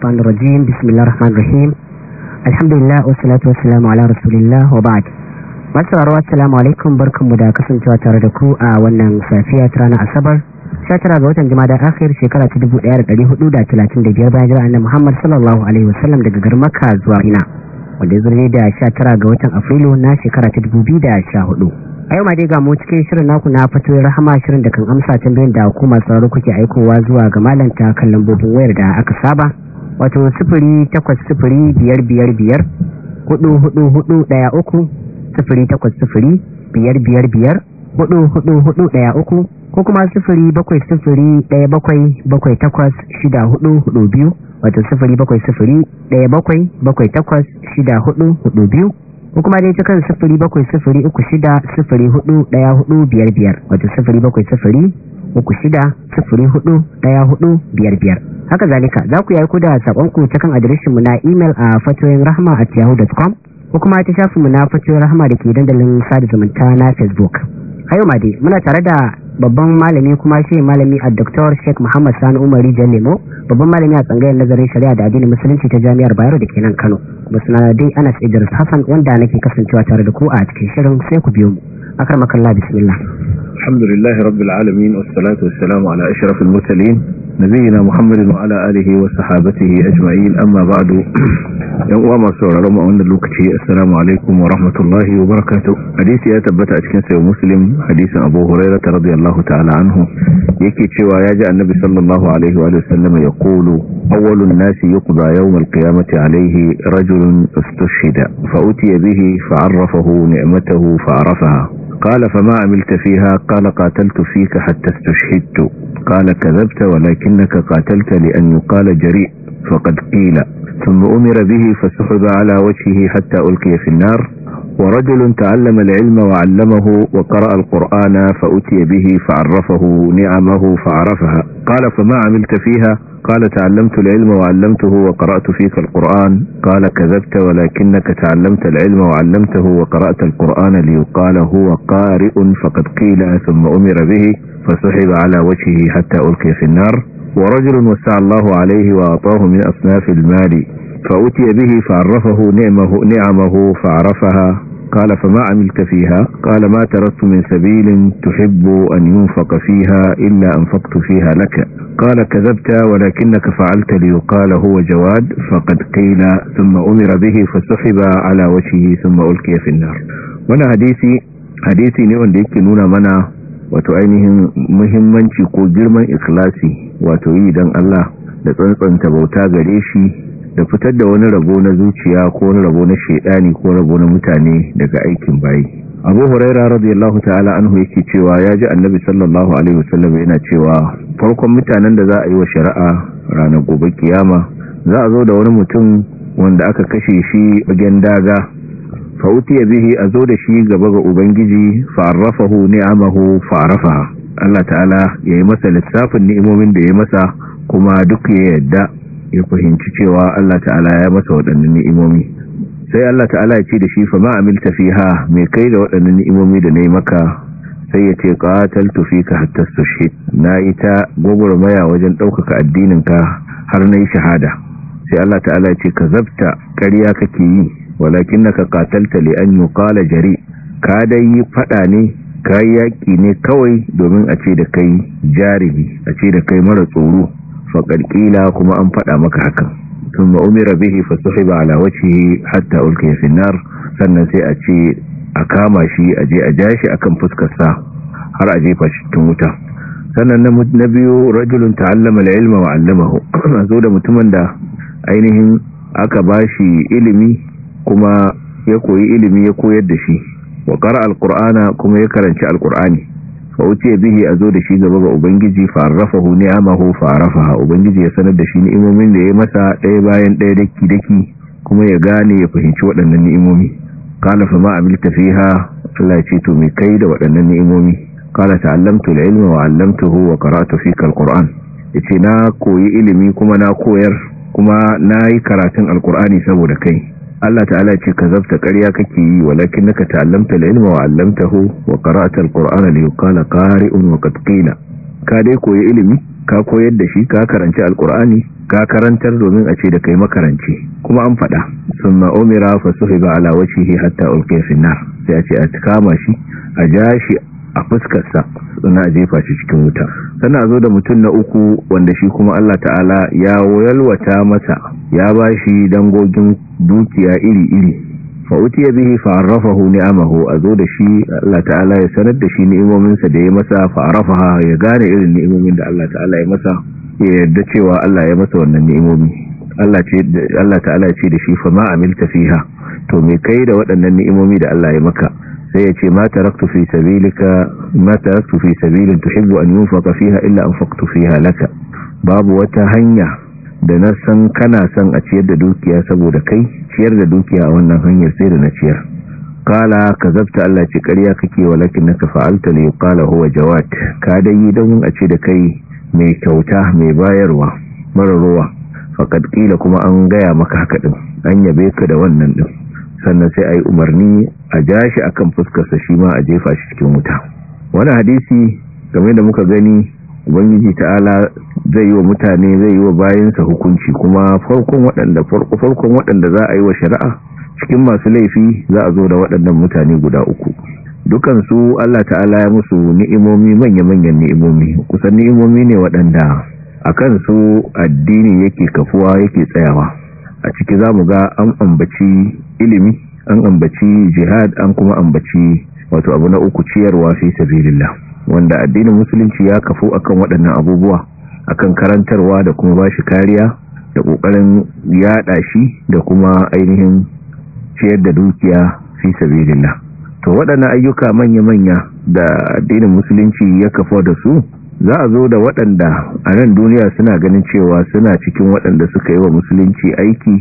الشيطان الرجيم بسم الله الرحمن الرحيم الحمد لله والصلاة والسلام على رسول الله وبعد da kasancewa tare da ku a wannan safiya ta ranar daga garin zuwa wanda ya da 19 ga watan Afrilu na shekara ta 2014 a yau ma dai ga mu cikin shirin naku na fito rahama shirin da kan amsa tambayoyin da hukumar tsaro kuke aikowa zuwa ga malanta kan lambobin wayar da aka saba wato sifiri takwas sifiri biyar biyar biyar hudu hudu hudu daya uku sifiri takwas sifiri biyar biyar biyar hudu hudu hudu daya uku ko kuma sifiri bakwai sifiri daya bakwai bakwai takwas shida hudu hudu biyu wato sifiri bakwai sifiri daya bakwai bakwai takwas shida hudu hudu biyu ko kuma dai cikin sifiri bakwai sifiri uku shida sifiri hudu daya hudu biyar biyar wato sifiri bakwai sifiri uku shida sufuri hudu daya hudu biyar biyar haka zalika za ku yi aiko da sakonku ta kan mu na imel a fatoyin rahama at yahoo.com ko kuma ta mu na fatoyin rahama da ke dandalin sada zumunta na facebook a yau ma muna tare da babban malami kuma shi malami a Dr. Sheikh Muhammad Sani Umari jan nemo babban malami a tsangayar nazarin shari'a da addinin musulunci ta Jami'ar Bayero da ke nan Kano na dai Anas Idris Hassan wanda na ke kasancewa tare da ku a cikin shirin sai ku biyo mu akar makalla bismillah الحمد لله رب العالمين والصلاة والسلام على أشرف المرسلين نبينا محمد وعلى آله وصحابته أجمعين أما بعد يوم سورة رمى أن اللوكتي السلام عليكم ورحمة الله وبركاته حديثي يتبت أتكين ومسلم مسلم حديث أبو هريرة رضي الله تعالى عنه يكي تشوى يجاء النبي صلى الله عليه وآله وسلم يقول أول الناس يقضى يوم القيامة عليه رجل استشهد فأتي به فعرفه نعمته فعرفها قال فما عملت فيها قال قاتلت فيك حتى استشهدت قال كذبت ولكنك قاتلت لأن يقال جريء فقد قيل ثم أمر به فسحب على وجهه حتى ألقي في النار ورجل تعلم العلم وعلمه وقرأ القرآن فأتي به فعرفه نعمه فعرفها قال فما عملت فيها قال تعلمت العلم وعلمته وقرأت فيك القرآن قال كذبت ولكنك تعلمت العلم وعلمته وقرأت القرآن ليقال هو قارئ فقد قيل ثم أمر به فسحب على وجهه حتى ألقي في النار ورجل وسع الله عليه وأعطاه من أصناف المال فأتي به فعرفه نعمه, نعمه فعرفها قال فما عملت فيها قال ما تركت من سبيل تحب أن ينفق فيها إلا أنفقت فيها لك قال كذبت ولكنك فعلت ليقال هو جواد فقد قيل ثم أمر به فسحب على وجهه ثم ألقي في النار وانا حديثي حديثي ne wanda yake nuna وتعينهم wato ainihin muhimmanci ko girman ikhlasi wato yi تبوتا Allah da tsantsanta bauta gare shi da fitar da wani rabo na zuciya ko wani rabo na shaidani ko rabo na mutane daga aikin bayi abu huraira radiyallahu ta'ala anhu yake cewa ya ji annabi sallallahu alaihi wasallam yana cewa farkon mutanen da za a yi wa shari'a ranar gobe kiyama za a zo da wani mutum wanda aka kashe shi bagen daga fa utiya bihi a zo da shi gaba ga ubangiji fa arrafahu ni'amahu fa Allah ta'ala ya yi masa lissafin ni'imomin da ya yi masa kuma duk ya yadda ya fahimci cewa Allah ta'ala ya masa waɗannan ni'imomi sai Allah ta'ala ya ce da shi fa ma amilta fiha me kai da waɗannan ni'imomi da nayi maka sai ya ce qataltu fika hatta tushhid na ita gogurmaya wajen ɗaukaka addinin ka har nayi shahada sai Allah ta'ala ya ce kazabta ƙarya kake yi walakin qatalta li an yuqala jari ka dai yi fada ne kayi yaƙi ne kawai domin a ce da kai jarumi a ce da kai mara tsoro faƙar kuma an faɗa maka haka sun ma'umira bihi fasuhi ba alawaci hatta ulke finar sannan sai a ce a kama shi a je a ja shi a kan fuskarsa har a jefa shi wuta sannan na biyu rajulun ta'allama la ilma wa a zo da mutumin da ainihin aka ba shi ilimi kuma ya koyi ilimi ya koyar da shi wa ƙara alƙur'ana kuma ya karanci alƙur'ani fa uce bihi azo da shi gaba ga ubangiji fa arrafahu ni'amahu fa arafaha ubangiji ya sanar da shi ni'imomin da ya masa ɗaya bayan ɗaya daki daki kuma ya gane ya fahimci waɗannan ni'imomi kana fa ma amilta fiha Allah ya ce to me kai da waɗannan ni'imomi ta ta'allamtu al-ilma wa 'allamtuhu wa qara'tu fika al-qur'an yace na koyi ilimi kuma na koyar kuma nayi karatun al saboda kai Allah ta'ala ce ka zafta ƙarya kake yi walakin naka ta'allamta al-ilma wa 'allamtahu wa qara'ta al-qur'ana li yuqala qari'un wa qad ka dai koyi ilimi ka koyar da shi ka karanci alkur'ani ka karantar domin a ce da kai makaranci kuma an faɗa sunna umira fa suhiba ala wajhihi hatta ulqiya fi nar sai a ce a kama shi a ja shi a fuskarsa suna jefa shi cikin wuta tana zo da mutum na uku wanda shi kuma Allah ta'ala ya wayalwata masa ya ba shi dangogin dukiya iri-iri fa'uti ya bihi fa'arrafahu ni'amahu a zo da shi Allah ta'ala ya sanar da shi ni'imominsa da ya masa fa'arrafaha ya gane irin ni'imomin da Allah ta'ala ya masa ya yarda cewa Allah ya masa wannan ni'imomi Allah ta'ala ya ce da shi fa ma amilta fiha to me kai da waɗannan ni'imomi da Allah ya maka sai ya ce mata raktu fi sabilika ma fi sabilin tuhibbu an yunfaqa fiha illa anfaqtu fiha laka babu wata hanya da na san kana son a ciyar da dukiya saboda kai ciyar da dukiya a wannan hanyar sai da na ciyar kala kazabta Allah ce ƙarya kake walakin naka fa'alta li qala huwa jawad ka dai don a ce da kai mai kyauta mai bayarwa mara ruwa faqad qila kuma an gaya maka haka din an yabe ka da wannan din sannan sai a yi umarni a ja shi akan fuskarsa shi ma a jefa shi cikin wuta wani hadisi game da muka gani ubangiji ta'ala zai yi wa mutane zai yi wa bayansa hukunci kuma farkon waɗanda farkon waɗanda za a yi wa shari'a cikin masu laifi za a zo da waɗannan mutane guda uku dukansu Allah ta'ala ya musu ni'imomi manya-manyan ni'imomi kusan ni'imomi ne waɗanda a kansu addini yake kafuwa yake tsayawa a ciki za mu ga an ambaci ilimi an ambaci jihad an kuma ambaci wato abu na uku ciyarwa fi sabilillah wanda addinin musulunci ya kafu akan waɗannan abubuwa akan karantarwa da kuma bashi kariya da kokarin yada shi da kuma ainihin ciyar da dukiya fi sabilillah to waɗannan ayyuka manya-manya da addinin musulunci ya kafa da su za a zo da waɗanda a nan duniya suna ganin cewa suna cikin waɗanda suka yi wa musulunci aiki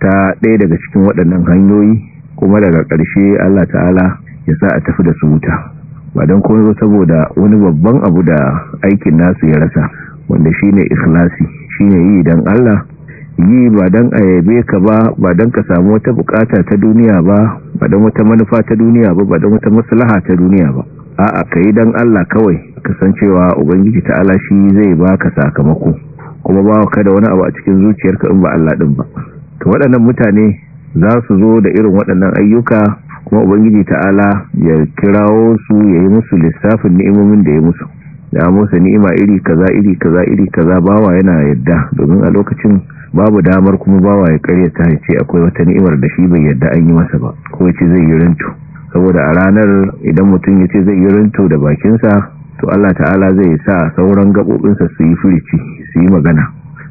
ta ɗaya daga cikin waɗannan hanyoyi kuma daga ƙarshe Allah ta'ala ya sa a tafi da su wuta ba don kuma saboda wani babban abu da aikin nasu ya rasa wanda shi shine ikhlasi ne yi dan Allah yi ba don a yabe ka ba ba don ka samu wata bukata ta duniya ba ba don wata manufa ta duniya ba ba don wata maslaha ta duniya ba a'a ka yi don Allah kawai kasancewa ubangiji ta'ala shi zai baka sakamako kuma ba ka da wani abu a cikin zuciyarka in ba Allah ɗin ba to waɗannan mutane za su zo da irin waɗannan ayyuka kuma ubangiji ta'ala ya kirawo su ya yi musu lissafin ni'imomin da ya musu da musa ni'ima iri kaza iri kaza iri kaza bawa yana yadda domin a lokacin babu damar kuma bawa ya karyata ya ce akwai wata ni'imar da shi bai yadda an yi masa ba ko ya ce zai yi rinto saboda a ranar idan mutum ya ce zai yi rinto da bakinsa to Allah ta'ala zai sa sauran gaɓoɓinsa su yi firici su yi magana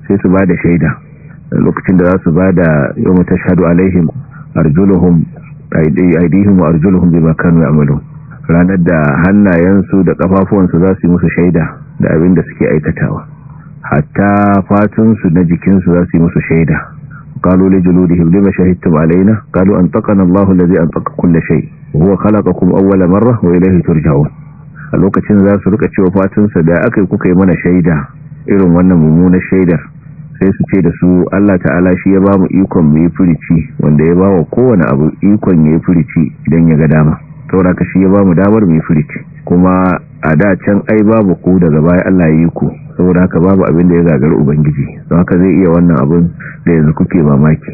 sai su ba da shaida lokacin da za su ba da yau mata shaɗu alaihim arjuluhum aidihim wa arjuluhum bi makanu amalu ranar da hannayensu da kafafuwansu za su yi musu shaida da abin da suke aikatawa hatta fatunsu na jikinsu za su yi musu shaida قالوا لجلودهم لما شهدتم علينا قالوا أنطقنا الله الذي أنطق كل شيء وهو خلقكم أول مرة وإليه ترجعون a lokacin za su rika cewa fatinsa da aka yi kuka yi mana shaida irin wannan mummunar shaidar sai su ce da su Allah ta'ala shi ya ba mu ikon mu yi furici wanda ya ba wa kowane abu ikon ya yi furici idan ya ga dama saura ka shi ya ba mu damar mu yi furici kuma a da can ai babu ku daga baya Allah ya yi ku saboda haka babu abin da ya zagar ubangiji don haka zai iya wannan abin da yanzu kuke mamaki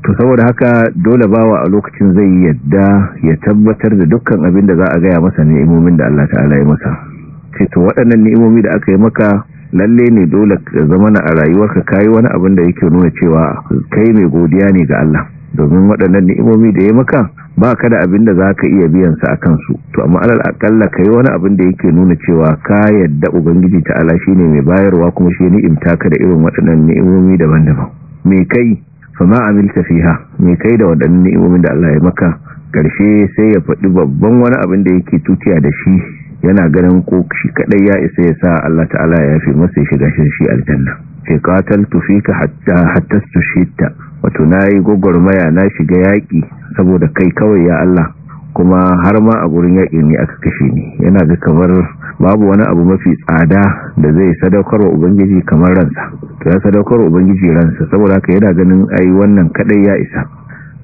to saboda haka dole bawa a lokacin zai yadda ya tabbatar da dukkan abin da za a gaya masa ni'imomin da Allah ta'ala ya masa ce to waɗannan ni'imomi da aka yi maka lalle ne dole ka zama na a rayuwarka kayi wani abin da yake nuna cewa kai mai godiya ne ga Allah domin waɗannan ni'imomi da ya maka ba ka da abin da za ka iya biyan sa a kansu to amma alal akalla ka yi wani abin da yake nuna cewa ka yadda ubangiji ta'ala shi ne mai bayarwa kuma shi ni'imta ka da irin waɗannan ni'imomi daban-daban me kai fa ma amilta fiha me kai da waɗannan ni'imomin da Allah ya maka karshe sai ya faɗi babban wani abin da yake tutiya da shi yana ganin ko shi kadai ya isa ya sa Allah ta'ala ya yafe masa shiga shi aljanna ce qataltu fika hatta hatta tushita wato nayi gogormaya na shiga yaki saboda kai kawai ya Allah kuma har ma a gurin yaƙi ne aka kashe ni yana da kamar babu wani abu mafi tsada da zai sadaukarwa ubangiji kamar ransa to ya sadaukarwa ubangiji ransa saboda haka yana ganin ai wannan kadai ya isa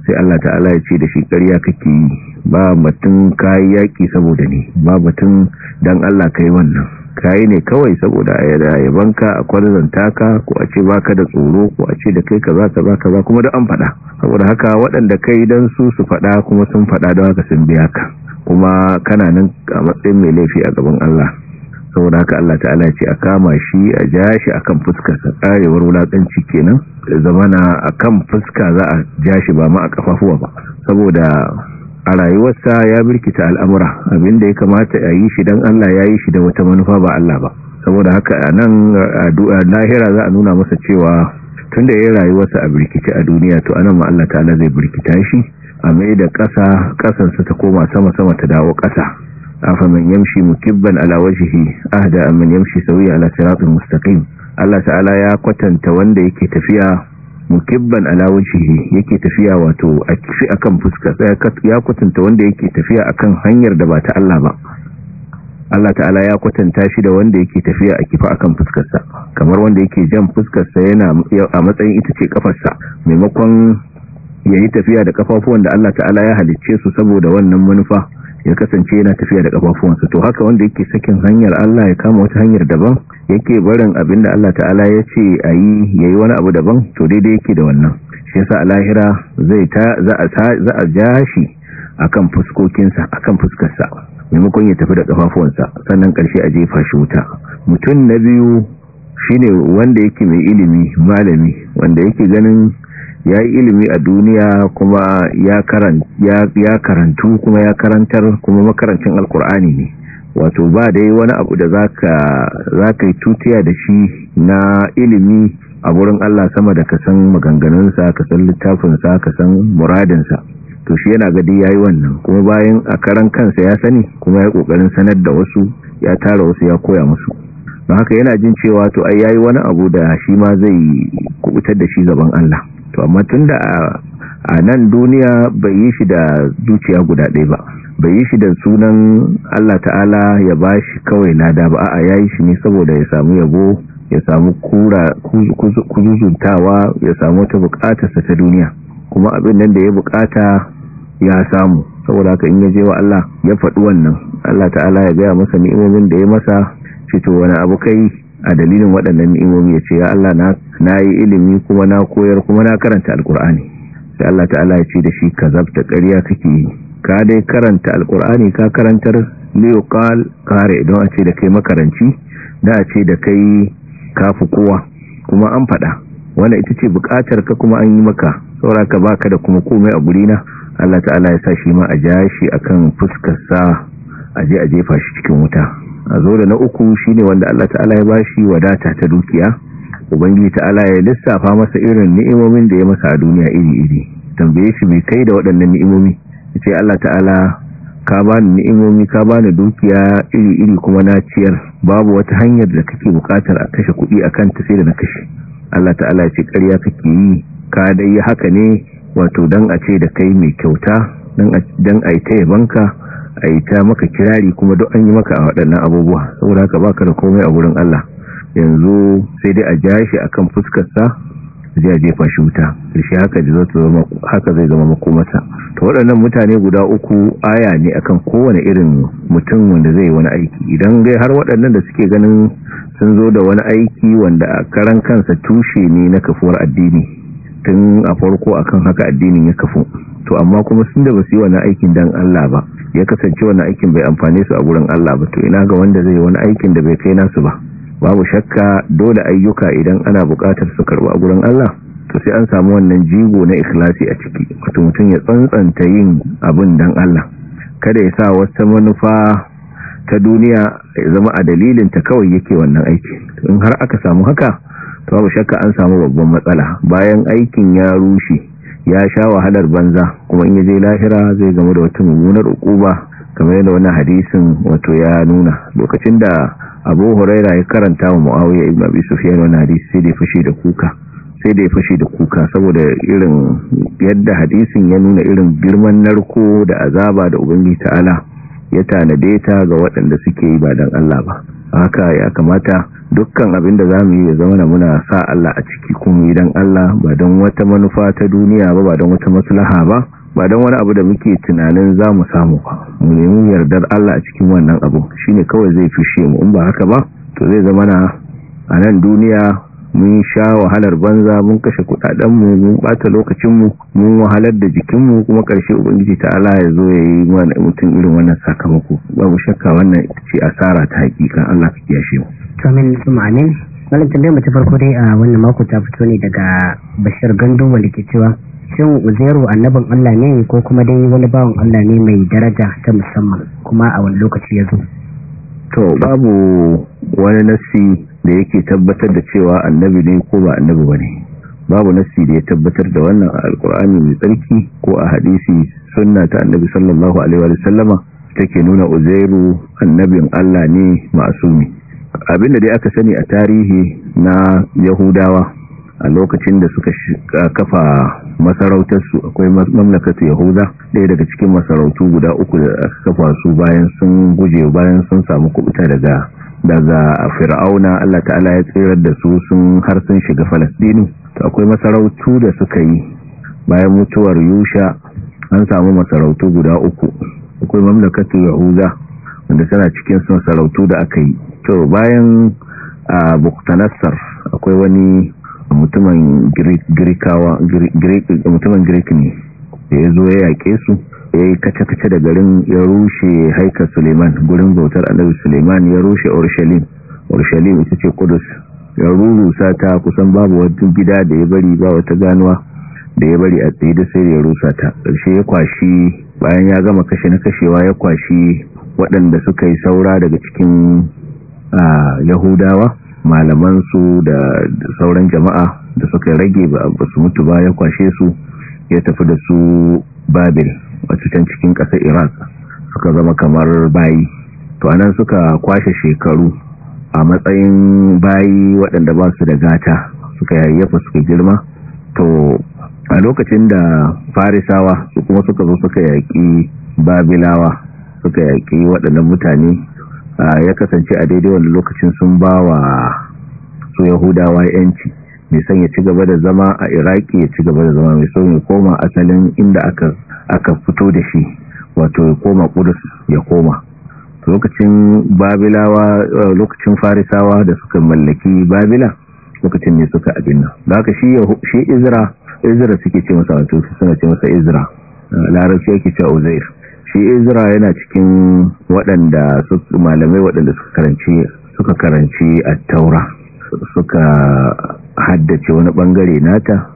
sai Allah ta'ala ya ce da shi ƙarya kake yi ba batun kayi yaƙi saboda ne ba batun dan Allah kai wannan kayi ne kawai saboda ya banka a kwarzanta taka, ko a ce baka da tsoro ko a ce da kai ka za kaza ka kaza kuma da an faɗa saboda haka waɗanda kai dan su su faɗa kuma sun faɗa don haka sun biya ka kuma kana nan a matsayin mai laifi a gaban Allah saboda haka Allah ta'ala ce a kama shi a ja shi fuska, fuskarsa karewar wulakanci kenan zamana a kan fuska za a ja shi ba ma a kafafuwa ba saboda a rayuwarsa ya birkita al'amura abinda ya kamata a yi shi don Allah ya yi shi da wata manufa ba Allah ba saboda haka a nan lahira za a nuna masa cewa tun da ya rayuwarsa a birkice a duniya to anan ma Allah ta'ala zai birkita shi a mai da ƙasa ƙasarsa ta koma sama-sama ta dawo ƙasa afaman yamshi mukibban ala wajhihi ahda amman yamshi sawiya ala siratin mustaqim Allah ta'ala ya kwatanta wanda yake tafiya mukibban ala wajhihi yake tafiya wato a kifi akan fuska ya kwatanta wanda yake tafiya akan hanyar da ba ta Allah ba Allah ta'ala ya kwatanta shi da wanda yake tafiya a kifa akan fuskarsa kamar wanda yake jan fuskarsa yana a matsayin ita ce sa maimakon yayi tafiya da kafafuwan da Allah ta'ala ya halicce su saboda wannan manufa ya kasance yana tafiya da kafafuwansa to haka wanda yake sakin hanyar Allah ya kama wata hanyar daban yake barin abinda Allah ta'ala ya ce ya yi wani abu daban to daidai yake da wannan shi yasa a lahira za a shi a kan akan a akan fuskarsa maimakon ya tafi da kafafuwansa sannan karshe a jefa shi wuta mutum na biyu shine wanda yake mai ilimi malami wanda yake ganin ya yi ilimi a duniya kuma ya karantu kuma ya karantar kuma makarancin alkur'ani ne wato ba dai wani abu da za ka yi tutiya da shi na ilimi a wurin Allah sama da ka san maganganunsa ka san littafinsa ka san muradinsa to shi yana gadi ya yi wannan kuma bayan a karan kansa ya sani kuma ya kokarin sanar da wasu ya tara wasu ya koya musu don haka yana jin cewa to ai ya yi wani abu da shi ma zai kubutar da shi gaban Allah to amma tunda a nan duniya bai yi shi da zuciya guda ɗaya ba bai yi shi da sunan Allah ta'ala ya ba shi kawai lada ba a yayi shi ne saboda ya samu yabo ya samu kura kuzuzuntawa ya samu wata bukatarsa ta duniya kuma abin nan da ya bukata ya samu saboda haka in ya je wa Allah ya faɗi wannan Allah ta'ala ya gaya masa ni'imomin da ya masa fito wani abu kai a dalilin waɗannan ni'imomi ya ce ya Allah na yi ilimi kuma na koyar kuma na karanta alkur'ani sai Allah ta'ala ya ce da shi ka zabta ƙarya kake yi ka dai karanta alkur'ani ka karantar liyokal kare don a ce da kai makaranci da a ce da kai kafi kowa kuma an faɗa wanda ita ce buƙatar ka kuma an yi maka saura ka baka da kuma komai a gurina Allah ta'ala ya sa shi ma a ja shi akan fuskarsa sa a je a jefa shi cikin wuta a zo da na uku shine wanda Allah ta'ala ya bashi wadata ta dukiya ubangiji ta'ala ya lissafa masa irin ni'imomin da ya masa a duniya iri-iri tambaye shi mai kai da waɗannan ni'imomi yace Allah ta'ala ka bani ni'imomi ka bani dukiya iri-iri kuma na ciyar babu wata hanyar da kake bukatar a kashe kuɗi akan kanta sai da na kashe Allah ta'ala ya ce ƙarya kake yi ka dai haka ne wato dan a ce da kai mai kyauta dan a yi ta yabanka a yi ta maka kirari kuma duk an yi maka a waɗannan abubuwa saboda haka ka da komai a wurin Allah yanzu sai dai a ja shi kan fuskarsa zai a jefa shi wuta shi haka zai zama makomata to waɗannan mutane guda uku aya ne akan kowane irin mutum wanda zai wani aiki idan gai har waɗannan da suke ganin sun zo da wani aiki wanda a karan kansa tushe ne na kafuwar addini tun a farko akan haka addinin ya kafu to amma kuma sun da ba su yi wani aikin dan Allah ba ya kasance wani aikin bai amfani su a gurin Allah ba to ina ga wanda zai wani aikin da bai kai nasu ba babu shakka dole ayyuka idan ana bukatar su karba a gurin Allah to sai an samu wannan jigo na ikhlasi a ciki wato mutum ya tsantsanta yin abin dan Allah kada ya sa wata manufa ta duniya ya zama a dalilin ta kawai yake wannan aiki in har aka samu haka to babu shakka an samu babban matsala bayan aikin ya rushe ya sha wahalar banza kuma in ya je lahira zai gamu da wata mummunar ukuba kamar yadda wannan hadisin wato ya nuna lokacin da Abu Huraira ya karanta wa Muawiya ibn Abi Sufyan wannan hadisi sai da fushi da kuka sai da ya da kuka saboda irin yadda hadisin ya nuna irin girman narko da azaba da ubangiji ta'ala ya tanade ta ga waɗanda suke yi ba dan Allah ba haka ya kamata dukkan abin da zamu yi ya zama na muna sa Allah a ciki kuma idan Allah ba don wata manufa ta duniya ba ba don wata maslaha ba ba don wani abu da muke tunanin za mu samu ba mu nemi yardar Allah a cikin wannan abu shine kawai zai fushe mu in ba haka ba to zai zama na a nan duniya mun sha wahalar banza mun kashe kudadenmu mun bata lokacinmu mun wahalar da jikinmu kuma karshe ubangiji ta Allah ya zo ya yi mana mutum irin wannan sakamako babu shakka wannan ce asara ta hakika Allah ka kiyashe mu to amin amin malam tambayar mu farko dai a wannan mako ta fito ne daga Bashir Gandu wanda ke cewa shin Uzairu annabin Allah ne ko kuma dai wani bawan Allah ne mai daraja ta musamman kuma a wani lokaci ya zo to babu wani nasi da yake tabbatar da cewa annabi ne ko ba annabi ba ne. babu nassi da ya tabbatar da wannan a alkur'ani mai tsarki ko a hadisi sunna ta annabi sallallahu alaihi wa sallama take nuna uzairu annabin Allah ne ma'asumi da dai aka sani a tarihi na yahudawa a lokacin da suka kafa masarautarsu akwai mamlakatu yahuda ɗaya daga cikin masarautu guda uku da aka kafa su bayan sun guje bayan sun samu kubuta daga daga fir'auna Allah ta'ala ya tsirar da su sun har sun shiga falastini to akwai masarautu da suka yi bayan mutuwar yusha an samu masarautu guda uku akwai mamlakatu Yahuza wanda tana cikin sun sarautu da aka yi to bayan a buktanassar akwai wani mutumin girkawa mutumin ne da ya zo ya yaƙe su ya yi kace-kace da garin ya rushe haika suleiman gurin bautar annabi suleiman ya rushe urshalim urshalim ita ce kudus ya rurusa ta kusan babu wata gida da ya bari ba wata ganuwa da ya bari a tsaye da sai ya rusa ta ƙarshe ya kwashi bayan ya gama kashe na kashewa ya kwashi waɗanda suka yi saura daga cikin yahudawa su da sauran jama'a da suka rage ba su mutu ba ya kwashe su ya tafi da su babil A cikin cikin ƙasar iran suka zama kamar bayi to anan suka kwashe shekaru a matsayin bayi waɗanda ba su da gata suka yayyafa suka girma to a lokacin da farisawa su kuma suka zo suka yaƙi babilawa suka yaƙi waɗannan mutane ya kasance a daidai wani lokacin sun ba wa su yahudawa yanci mai son ya ci gaba da zama a iraki ya ci gaba da zama mai son ya koma asalin inda aka aka fito da shi wato ya koma kudus ya koma lokacin babilawa eh, lokacin farisawa da suka mallaki babila lokacin ne suka abin nan da haka shi shi izra izra suke ce masa wato suna ce masa izra eh, larabci yake ce uzair shi izra yana cikin waɗanda su malamai waɗanda suka karanci suka karanci at-taura suka haddace wani bangare nata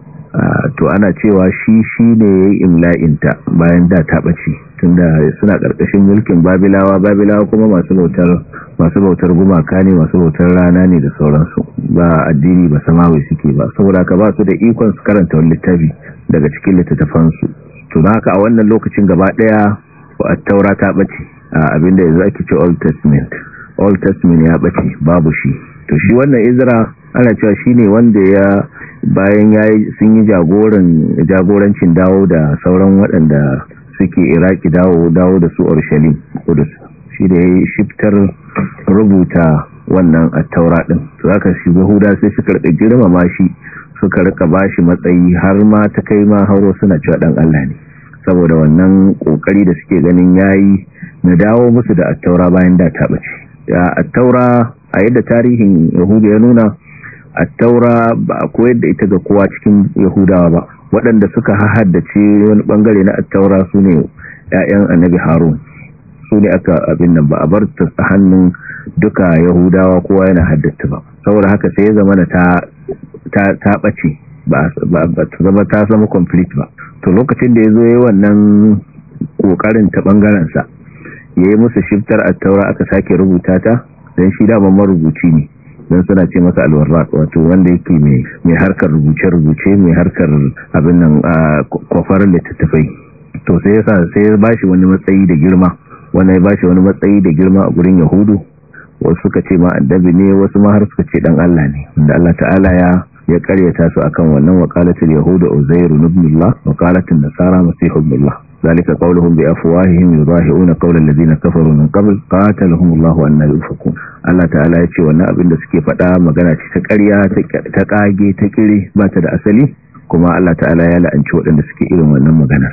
to ana cewa shi shi ne ya yi imla'inta bayan da ta ɓaci. tun da suna ƙarƙashin mulkin babilawa babilawa kuma masu bautar gumaka ne masu bautar rana ne da sauransu ba addini ba samawai suke ba saboda ka ba su da ikon su karanta wani littafi daga cikin littattafansu to na haka a wannan lokacin gaba ɗaya a taura ta ɓace a abinda yanzu ake ce old testament old testament ya ɓace babu shi to shi wannan izra ana cewa shi ne wanda ya bayan ya sun yi jagorancin dawo da sauran waɗanda suke iraki dawo dawo da su urshalim kudus shi da ya shiftar rubuta wannan attaura din to haka shi yahuda sai suka rika girmama shi suka rika shi matsayi har ma ta kai ma hauro suna cewa dan Allah ne saboda wannan ƙoƙari da suke ganin ya yi, na dawo musu da attaura bayan da ta ɓace. a attaura a yadda tarihin yahuda ya nuna a taura ba a koyar da ita ga kowa cikin yahudawa ba waɗanda suka haddace wani ɓangare na taura su ne ‘ya'yan annabi harun su ne aka abin nan ba a bar ta hannun duka yahudawa kowa yana haddata ba saboda haka sai ya zama na ta ɓace ba ta zama ta zama complete ba to lokacin da ya zo yi wannan ƙoƙarin ta ɓangarensa ya yi musu shiftar a taura aka sake rubuta ta don shi daban marubuci ne don suna ce masa alwarraq wato wanda yake mai harkar rubuce-rubuce mai harkar abin nan kwafar littattafai to sai ya sai ya wani matsayi da girma wanda ya shi wani matsayi da girma a gurin yahudu wasu suka ce ma addabi ne wasu ma har suka ce dan Allah ne wanda Allah ta'ala ya ya karyata su akan wannan waqalatul yahudu uzairu ibn Allah waqalatul nasara masih ibn Allah ذلك قولهم بأفواههم يضاهئون قول الذين كفروا من قبل قاتلهم الله أن يوفقون الله تعالى يتشي وانا أبن دسكي فتا مغانا تكريا تكاجي تكري ما تدع أسلي كما الله تعالى يالا أن وانا دسكي إلو وانا مغانا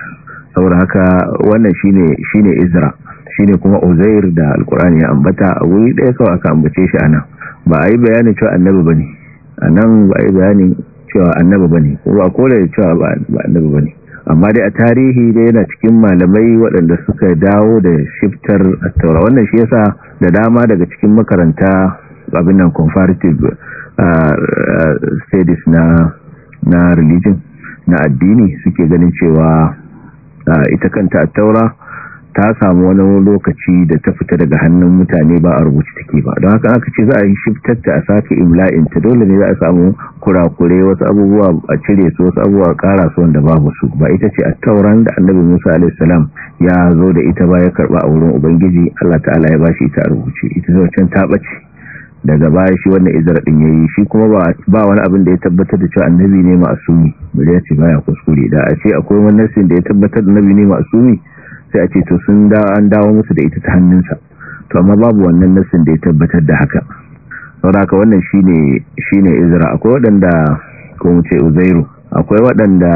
saboda هكا وانا شيني, shine Izra shine kuma Uzair da Alkur'ani ya ambata wuri daya kawai aka ambace shi ana ba a yi bayanin cewa annabi bane anan ba a yi bayanin cewa annabi bane ko ba kore cewa ba annabi bane amma dai a tarihi dai yana cikin malamai waɗanda suka dawo da shiftar attaura wannan shi yasa da dama daga cikin makaranta abin nan comparative studies na na religion na addini suke ganin cewa ita kanta a taura. ta samu wani lokaci da ta fita daga hannun mutane ba a rubuce take ba don haka aka ce za a yi shiftarta a sake ta dole ne za a samu kurakure wasu abubuwa a cire su wasu abubuwa kara su wanda babu su ba ita ce a tauran da annabi musa alaihissalam ya zo da ita ba ya karba a wurin ubangiji allah ta'ala ya bashi ita a rubuce ita zai wancan ta ɓace daga baya shi wannan izar din yayi shi kuma ba wani abin da ya tabbatar da cewa annabi ne ma'asumi bare ya ce baya kuskure da a ce akwai wani nasin da ya tabbatar da annabi ne ma'asumi sai a ce to sun an dawo musu da ita ta hannunsa to amma babu wannan nasin da ya tabbatar da haka sauraka wannan shine shine izra akwai waɗanda ko mu ce uzairu akwai waɗanda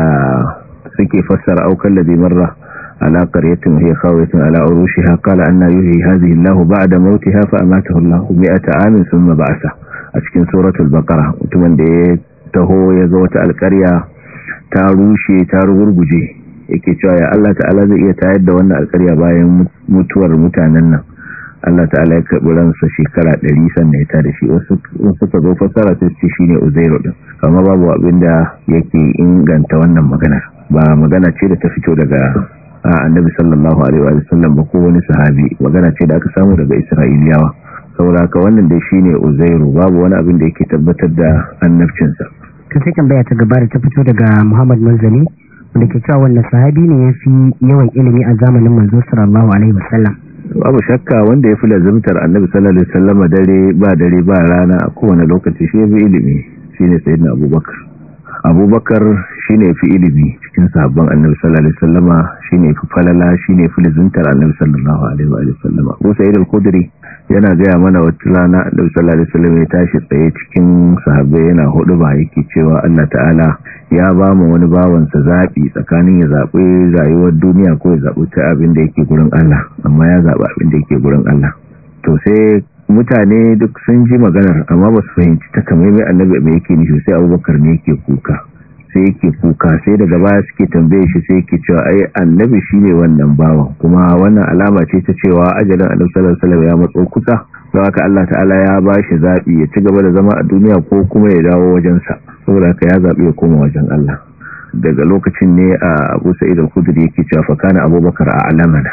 suke fassara aukan ladhi marra ala qaryatin hiya khawiyatun ala urushiha qala anna yuhyi hadhihi Allahu ba'da mautiha fa amatahu Allahu mi'ata amin thumma ba'atha a cikin suratul baqara mutumin da ya taho ya ga wata alƙarya ta rushe ta rugurguje yake cewa ya Allah ta'ala zai iya tayar da wannan alƙarya bayan mutuwar mutanen nan Allah ta'ala ya karɓi ransa shekara ɗari sannan ya ta da shi wasu suka zo fasara ta ce shi ne uzairu ɗin amma babu abin da yake inganta wannan magana ba magana ce da ta fito daga annabi sallallahu alaihi wa sallam ba ko wani sahabi magana ce da aka samu daga isra'iliyawa saboda haka wannan dai shine uzairu babu wani abin da yake tabbatar da annabcinsa ta sai tambaya ta gaba ta fito daga muhammad manzali da ke cewa wannan sahabi ne ya fi yawan ilimi a zamanin manzo sallallahu alaihi wasallam babu shakka wanda ya fi lazimtar annabi sallallahu alaihi wasallam dare ba dare ba rana a kowane lokaci shi ya fi ilimi shine sayyidina abubakar abubakar shine ya fi ilimi cikin sabon annabi sallallahu alaihi wasallam shine ya fi falala shine ya fi lazimtar annabi sallallahu alaihi wasallam ko sayyidul qudri yana gaya mana wata rana a sallallahu salari wasallam ya tashi tsaye cikin sahabbai yana hudu ba yake cewa Allah ta'ala ya ba mu wani bawansa zaɓi tsakanin ya zaɓi rayuwar duniya ko ya zabi ta abin da yake gurin Allah amma ya zaɓi abin da yake gurin Allah to sai mutane duk sun ji maganar amma ba su fahimci ta kamar mai annabi me yake nishi sai Abubakar ne yake kuka sai yake kuka sai daga baya suke tambaye shi sai yake cewa ai annabi shine wannan bawan kuma wannan alama ce ta cewa ajalin annabi sallallahu alaihi wasallam ya matso kusa don haka Allah ta'ala ya ba shi zabi ya ci gaba da zama a duniya ko kuma ya dawo wajen sa saboda haka ya zabi ya koma wajen Allah daga lokacin ne a Abu Sa'id al-Khudri yake cewa fa kana Abubakar a alamana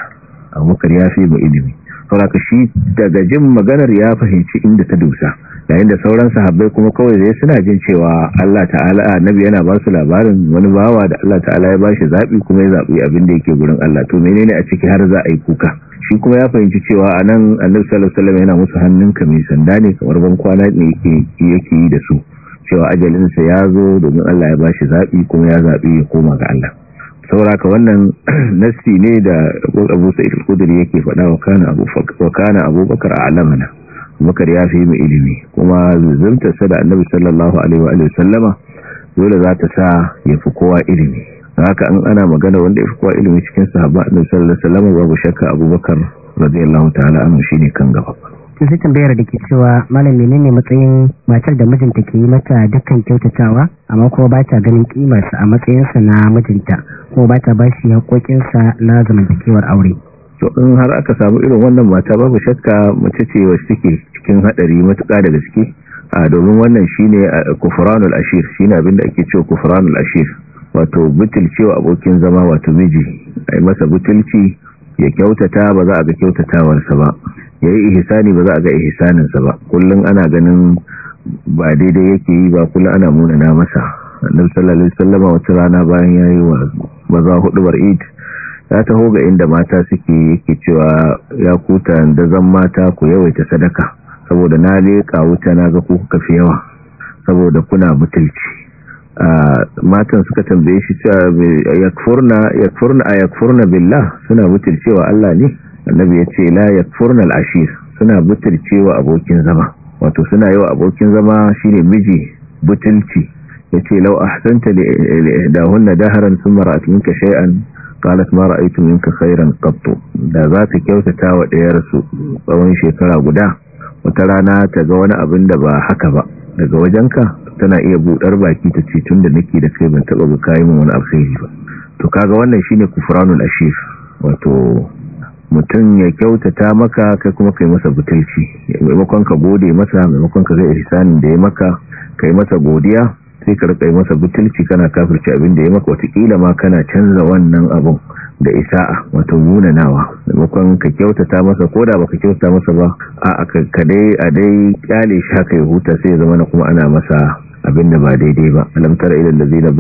Abubakar ya fi mu ilimi saboda shi daga jin maganar ya fahimci inda ta dusa yayin da sauran sahabbai kuma kawai zai suna jin cewa Allah ta'ala annabi yana ba su labarin wani bawa da Allah ta'ala ya bashi zabi kuma ya zabi abinda da yake gurin Allah to menene a ciki har za a yi kuka shi kuma ya fahimci cewa anan annabi sallallahu alaihi yana musu hannunka mai sanda ne kamar ban kwana ne yake yake yi da su cewa ajalinsa ya zo domin Allah ya bashi zaɓi kuma ya zaɓi ya koma ga Allah sauraka wannan nasti ne da Abu Sa'id al-Khudri yake faɗa wa kana Abu Bakar a a'lamana bakar ya fi mu ilimi kuma zurtarsa da annabi sallallahu alaihi wa sallama dole za ta sa ya fi kowa ilimi haka an ana magana wanda ya fi kowa ilimi cikin sahaba annabi sallallahu alaihi wa sallama babu shakka abubakar radiyallahu ta'ala shi ne kan gaba to sai tambayar da ke cewa malam menene matsayin matar da mijinta ke yi mata dukkan kyautatawa amma kuma ba ta ganin kimarsa a matsayinsa na mijinta ko ba ta ba shi haƙoƙinsa na zamantakewar aure to in har aka samu irin wannan mata babu shakka mace ce wacce take cikin hadari matuka da gaske a domin wannan shine kufranul ashir shine abinda ake cewa kufranul ashir wato wa abokin zama wato miji ai masa butulci ya kyautata ba za a ga kyautatawarsa ba yayi ihsani ba za a ga sa ba Kullum ana ganin ba daidai yake yi ba kullum ana munana masa annabi sallallahu alaihi wasallam wata rana bayan yayi wa maza hudu hudubar Eid ya taho ga inda mata suke yake cewa ya kuta da zan mata ku yawaita sadaka saboda na leƙa wuta na ga kuka fi yawa saboda kuna butulci matan suka tambaye shi cewa yakfurna a yakfurna billah suna butulcewa Allah ne annabi ya ce la yakfurna al-ashir suna mutulcewa abokin zama wato suna yawa abokin zama shine miji butulci yace law ahsanta li ihdahunna daharan thumma ra'at minka shay'an qalat ma ra'aytu ka sairan qattu da za ta kyautata wa ɗayarsu su tsawon shekara guda wata rana ta ga wani abin da ba haka ba daga wajenka tana iya buɗar baki ta ce tunda nake da kai ban taba ga kayan min wani alkhairi ba to kaga wannan shine kufranul ashif wato mutum ya kyautata maka kai kuma kai masa butulci maimakon ka gode masa maimakon ka ga ihsanin da ya maka kai masa godiya sai ka rika yi masa butulci kana kafirci abin da ya maka watakila ma kana canza wannan abun da isa'a wato nawa? maimakon ka kyautata masa ko da baka kyautata masa ba a ka dai a dai kyale shi ka ya huta sai ya zama na kuma ana masa abin da ba daidai ba alam tara ila allazina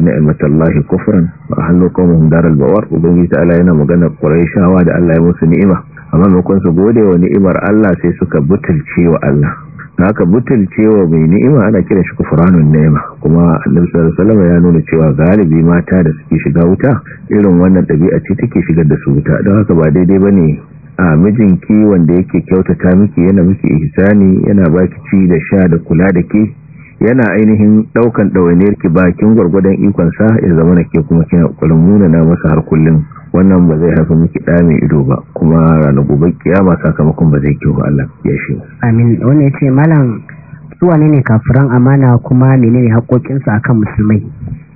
na ni'matallahi kufran wa ahlu qawmihim daral bawar ubangi Ala, yana magana shawa da Allah ya musu ni'ima amma maimakon su gode wa ni'imar Allah sai suka butulce wa Allah haka butulcewa mai ni'ima ana kiran shi kufranun ni'ima kuma annabi sallallahu ya nuna cewa galibi mata da suke shiga wuta irin wannan dabi'a ce take shigar da su wuta don haka ba daidai bane a mijinki wanda yake kyautata miki yana miki ihsani yana baki ci da sha da kula da ke yana ainihin ɗaukan ɗawainiyar ki bakin gwargwadon ikon sa ya zama na ke kuma kina kulmuna na masa har kullum. wannan ba zai haifa miki da mai ido ba kuma ranar gobe kiyama sakamakon ba zai kyau ba Allah ya shi amin wannan yace malam su wane ne kafiran amana kuma menene haƙoƙinsu akan musulmai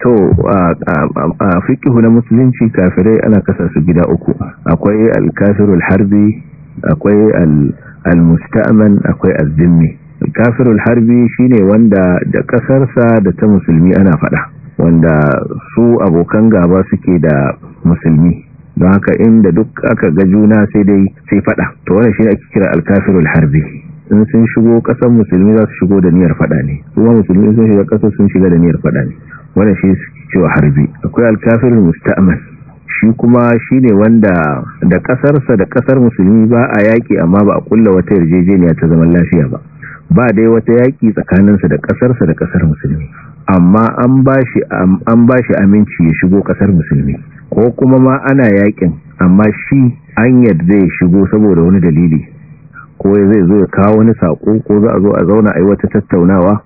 to a fiqhu na musulunci kafirai ana kasa su gida uku akwai al-kafirul harbi akwai al akwai az kafirul harbi shine wanda da kasarsa da ta musulmi ana fada wanda su abokan gaba suke da musulmi don haka inda duk aka ga juna sai dai sai fada to wannan shi ake kira alkafirul harbi in sun shigo kasan musulmi za su shigo da niyyar fada ne kuma musulmi sun shiga kasan sun shiga da niyyar fada ne wannan shi cewa harbi akwai alkafirul musta'mal shi kuma shi ne wanda da kasarsa da kasar musulmi ba a yaƙi amma ba a kulla wata yarjejeniya ta zaman lafiya ba ba dai wata yaƙi tsakaninsa da kasarsa da kasar musulmi amma an ba shi aminci ya shigo kasar musulmi ko kuma ma ana yakin amma shi an yadda ya shigo saboda wani dalili ko zai zo ya kawo wani sako ko za a zo a zauna a yi wata tattaunawa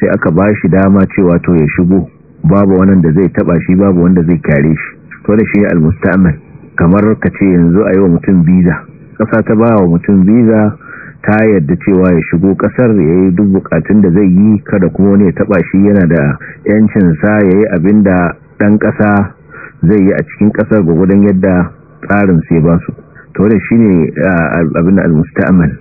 sai aka ba shi dama cewa to ya shigo babu wannan da zai taba shi babu wanda zai kyare shi to da shi almusta'mal kamar ka ce yanzu a yi wa mutum biza ƙasa ta ba wa mutum biza ta yadda cewa ya shigo kasar ya yi duk bukatun da zai yi kada kuma wani ya taba shi yana da yancinsa ya yi abin da ɗan ƙasa zai yi a cikin ƙasar gudun yadda tsarin sai ba su to da shi ne abin da almusta'aman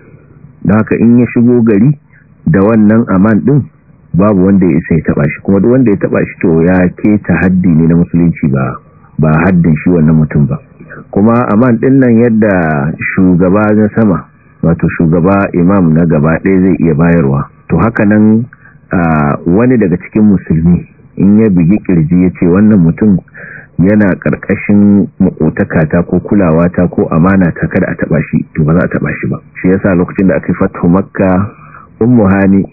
don haka in ya shigo gari da wannan aman ɗin babu wanda ya isa ya taba shi kuma duk wanda ya taba shi to ya keta haddi ne na musulunci ba ba haddin shi wannan mutum ba kuma aman ɗinnan nan yadda shugaba na sama wato shugaba imam na gaba ɗaya zai iya bayarwa to haka nan wani daga cikin musulmi in ya bugi kirji ya ce wannan mutum yana ƙarƙashin makotaka ta ko kulawa ta ko amana ta kada a taɓa shi to ba za a taɓa shi ba shi yasa lokacin da aka fata makka ummu hani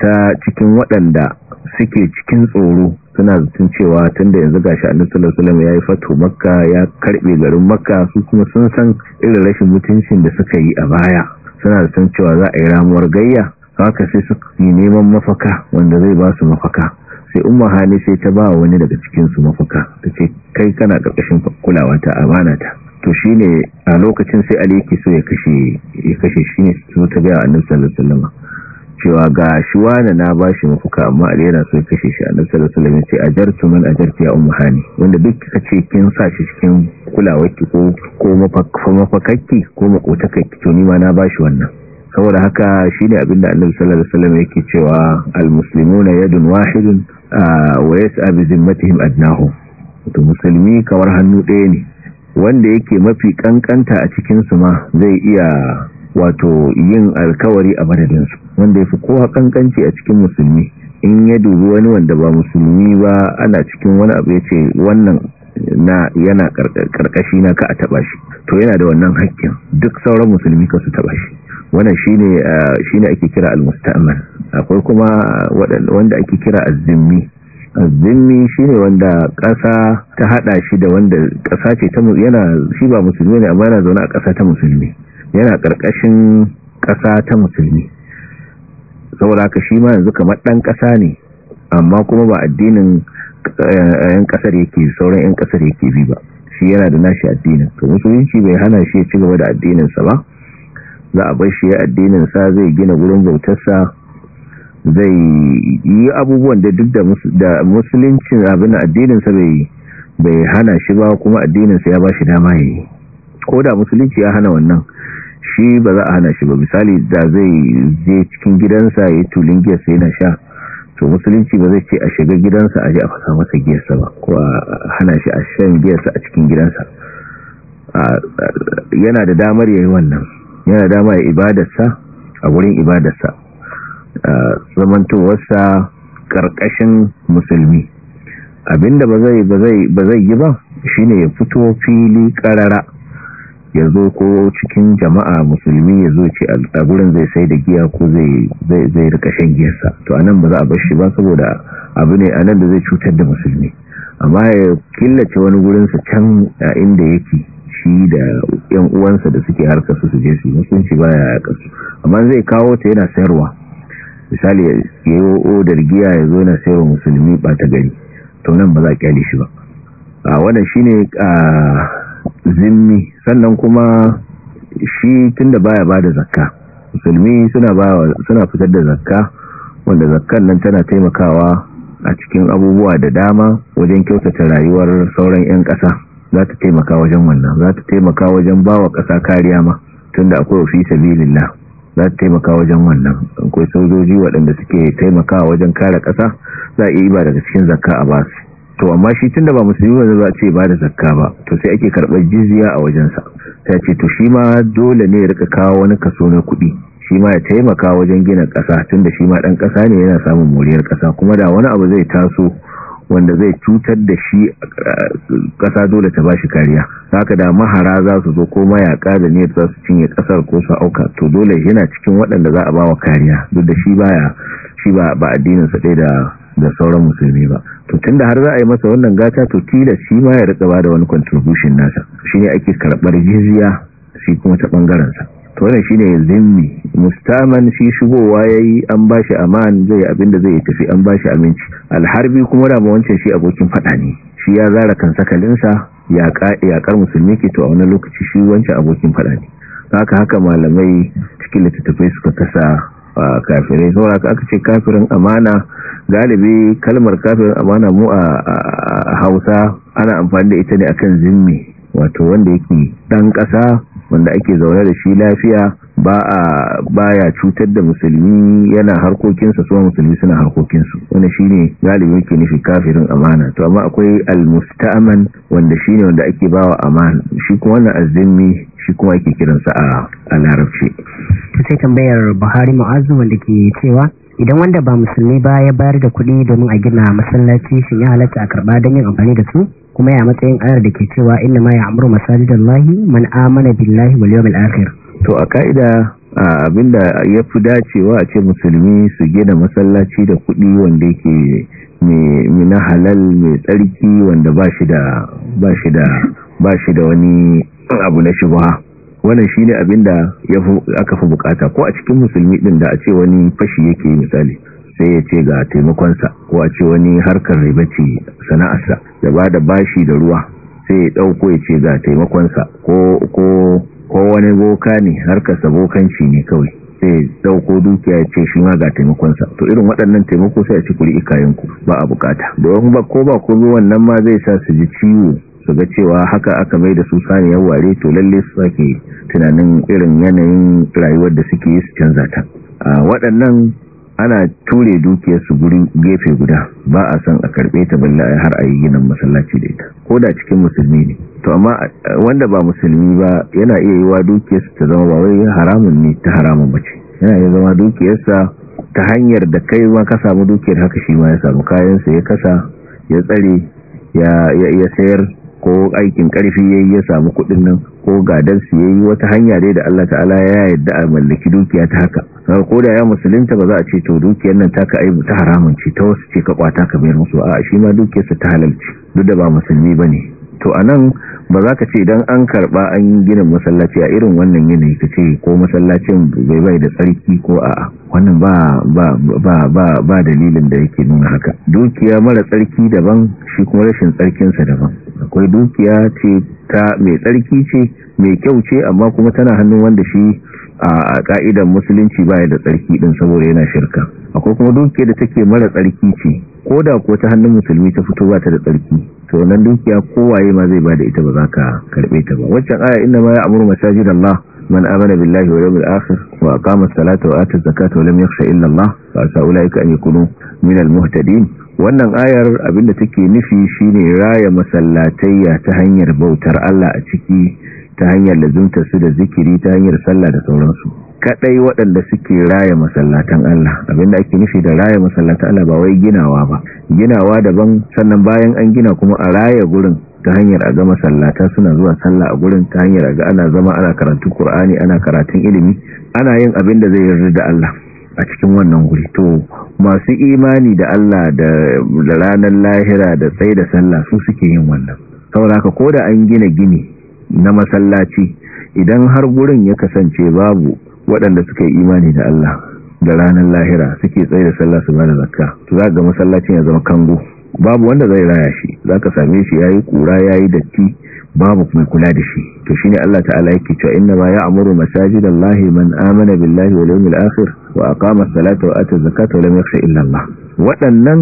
ta cikin waɗanda suke cikin tsoro suna sun cewa tunda yanzu gashi annabi sulasulam ya yi yayi fatu makka ya karbe garin makka su kuma sun san irin rashin mutuncin da suka yi a baya suna sun cewa za a yi ramuwar gayya haka sai su yi neman mafaka wanda zai ba su mafaka sai umma hali sai ta ba wani daga cikin su mafaka ce kai kana karkashin kulawa ta amana ta to shine a lokacin sai ali so ya kashe shi ne su ta gaya a sallallahu cewa ga shi na bashi shi mafuka amma a yana so kashe shi a nasarar sulamin ce a jartu man a jarti ya umu hani wanda duk kika ce kin sa shi cikin kulawarki ko mafakakki ko makotakakki to nima na bashi wannan saboda haka shi ne abinda annabi sallallahu alaihi wasallam yake cewa almuslimuna yadun wahidun wa yas'a zimmatihim adnahu to musulmi kawar hannu ɗaya ne wanda yake mafi kankanta a cikin su ma zai iya wato yin alkawari a madadinsu wanda ya fi kowa kankanci a cikin musulmi in ya dubi wani wanda ba musulmi ba ana cikin wani abu ya ce wannan na yana karkashi na ka a taba shi to yana da wannan hakkin duk sauran musulmi ka su taba shi wannan shine shine ake kira al akwai kuma wanda ake kira az-zimmi shine wanda ƙasa ta hada shi da wanda ƙasa ce ta yana shi ba musulmi ne amma yana zaune a ƙasa ta musulmi yana ƙarƙashin ƙasa ta musulmi saboda haka shi ma yanzu kamar ɗan ƙasa ne amma kuma ba addinin eh, yan ƙasar yake sauran yan ƙasar yake bi ba shi yana da nashi addinin to musulunci bai hana shi ya ci gaba da addininsa ba za a bar shi ya addininsa zai gina wurin bautarsa zai yi abubuwan da duk da musuluncin abin addininsa bai hana shi ba kuma addininsa ya ba shi dama ya yi ko da musulunci ya hana wannan shi ba za a hana shi ba misali da zai je cikin gidansa ya tulin giyar sai na sha to musulunci ba zai ce a shiga gidansa a ji a fasa masa giyarsa ba ko a hana shi a shan giyarsa a cikin gidansa yana da damar ya yi wannan yana damar ya ibadarsa a wurin ibadarsa zamantowarsa karkashin musulmi abinda ba zai yi ba shine ya fito fili ƙarara. ya zo ko cikin jama'a musulmi ya zo ce a gurin zai sai da giya ko zai rikashen giyarsa to anan ba za a bar shi ba saboda abu ne anan da zai cutar da musulmi amma ya killace wani gurinsa can a inda yake shi da yan uwansa da suke harkar su je su musulunci ba ya su amma zai kawo ta yana sayarwa misali ya yi odar giya ya zo yana sayarwa musulmi ba ta gari to nan ba za a kyale shi ba a wannan shine a zimmi sannan kuma shi tunda baya ba da zakka musulmi suna fitar da zakka wanda zakkan nan tana taimakawa a cikin abubuwa da dama wajen kyautata rayuwar sauran 'yan ƙasa za ta taimaka wajen wannan za ta taimaka wajen bawa ƙasa kariya ma tunda akwai ofi na za ta taimaka wajen wannan akwai sojoji waɗanda suke taimakawa wajen kare ƙasa za a iya ba daga cikin zakka a basu to amma shi tunda ba musulmi ba za ce ba da zakka ba to sai ake karbar jizya a wajensa ta ce to shi ma dole ne ya rika kawo wani kaso na kuɗi shi ma ya taimaka wajen gina ƙasa tunda shi ma ɗan kasa ne yana samun moriyar kasa kuma da wani abu zai taso wanda zai cutar da shi eh, ƙasa dole ta bashi kariya haka da mahara za su zo ko mayaka da ne za su cinye ƙasar ko su auka to dole yana cikin waɗanda za a ba wa kariya duk da shi baya shi ba addinin sa ɗaya da da sauran musulmi ba to tunda har za a yi masa wannan gata to tilas shi ma ya rika bada wani contribution nasa shine ake karbar jizya shi kuma ta bangaren sa to wannan shine zimmi mustaman shi shigowa yayi an bashi aman zai abinda zai yi tafi an bashi aminci alharbi kuma da wancan shi abokin fada ne shi ya zara kan ka ya kar musulmi ke to a wani lokaci shi wancan abokin fada ne haka haka malamai cikin littattafai suka kasa kafirai ka aka ce kafirin amana galibi kalmar kafirin amana mu a Hausa ana amfani da ita ne akan zimmi wato wanda yake dan ƙasa wanda ake zaune da shi lafiya ba a baya cutar da musulmi yana harkokinsa so musulmi suna harkokinsu wanda shine galibi yake nufi kafirin amana to amma akwai almusta'man wanda shine wanda ake bawa amana shi kuma wannan azumi shi kuma ake kiransa a larabci to sai tambayar Buhari Mu'azzu wanda ke cewa idan wanda ba musulmi ba ya bayar da kuɗi domin a gina masallaci shi ya halatta a karɓa don yin amfani da su kuma ya matsayin ayar da ke cewa inna ma ya ya'muru masajidallahi man amana billahi wal yawmil akhir to a kaida abinda ya fi dacewa a ce musulmi su gina masallaci da kuɗi wanda yake mai na halal mai tsarki wanda ba shi da ba shi da shi da wani abu na shubha wannan shine abinda aka fi bukata ko a cikin musulmi din da a ce wani fashi yake misali sai ya ce ga taimakonsa ko a ce wani harkar riba ce sana'arsa ya ba da bashi da ruwa sai ya ɗauko ya ce ga taimakonsa ko wani boka ne harkarsa bokanci ne kawai sai ya ɗauko dukiya ya ce shi ma ga taimakonsa to irin waɗannan taimako sai ya ci kuri ikayenku ba a bukata domin ba ko ba ko wannan ma zai sa su ji ciwo su ga cewa haka aka mai da su saniyar ware to lalle su sake tunanin irin yanayin rayuwar da suke yi su canza ta waɗannan ana ture dukiyarsu gurin gefe guda ba a san a karbe ta balla har a yi ginin masallaci da ita ko da cikin musulmi ne to amma eh, wanda ba musulmi ba yana iya yiwa su ta zama ba wai haramun ne ta haramun bace yana iya zama dukiyarsa ta hanyar da kai ma ka samu dukiyar haka shi ma ya samu kayansa ya kasa ya tsare ya sayar ko aikin karfi yayi ya samu kudin nan ko gadan su yayi wata hanya dai da Allah ta'ala ya yarda a mallaki dukiya ta haka kaga ko da ya musulunta ba za a ce to dukiyar nan taka aibu ta haramun ce ta wasu ce ka kwata ka mayar musu a shi ma dukiyarsa ta halalci duk da ba musulmi ba ne. to a nan, ba za ka ce don an karba an yi ginin masallaci a irin wannan yanayi ka ce ko masallacin bai bai da tsarki ko a wannan ba dalilin da yake nuna haka dukiya mara tsarki daban shi kuma rashin tsarkinsa daban akwai dukiya ce ta mai tsarki ce mai kyau ce amma kuma tana hannun wanda shi a ka'idan musulunci baya da tsarki din saboda yana shirka akwai kuma dukiya da take mara tsarki ce ko da ko ta hannun musulmi ta fito ba ta da tsarki to wannan dukiya kowaye ma zai bada ita ba za ka karbe ta ba waccan aya inna ma ya'muru masajid Allah man amana billahi wal yawmil akhir wa aqama as-salata wa ata az-zakata wa lam yakhsha illa Allah fa sa'ulaika an yakunu min al-muhtadin wannan ayar abinda take nufi shine raya masallatayya ta hanyar bautar Allah a ciki ta hanyar lazumta su da zikiri ta hanyar sallah da sauransu kadai waɗanda suke raya masallatan Allah abinda ake nufi da raya masallatan Allah ba wai ginawa ba ginawa daban sannan bayan an gina kuma a raya gurin ta hanyar a ga masallata suna zuwa sallah a gurin ta hanyar a ga ana zama ana karatu Qur'ani ana karatun ilimi ana yin abin da zai yarda da Allah a cikin wannan guri to masu imani da Allah da ranar lahira da tsaye da sallah su suke yin wannan saboda haka ko da an gina gini na masallaci idan har gurin ya kasance babu waɗanda suka yi imani da Allah da ranar lahira suke tsaye da sallah su bada zakka to za ga masallacin ya zama kango babu wanda zai raya shi za ka same shi yayi kura yayi datti babu mai kula da shi to shine Allah ta'ala yake cewa inna ma ya'muru masajidallahi man amana billahi wa yawmil akhir wa aqama as-salata wa ata zakata wa lam yakhsha illa Allah waɗannan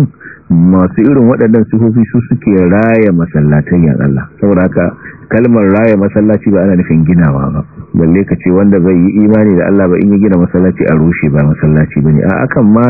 masu irin waɗannan sifofi su suke raya masallatai ya Allah saboda haka kalmar raya masallaci ba ana nufin ginawa ba balle ka ce wanda zai yi imani da Allah ba in ya gina masallaci a rushe ba masallaci bane a akan ma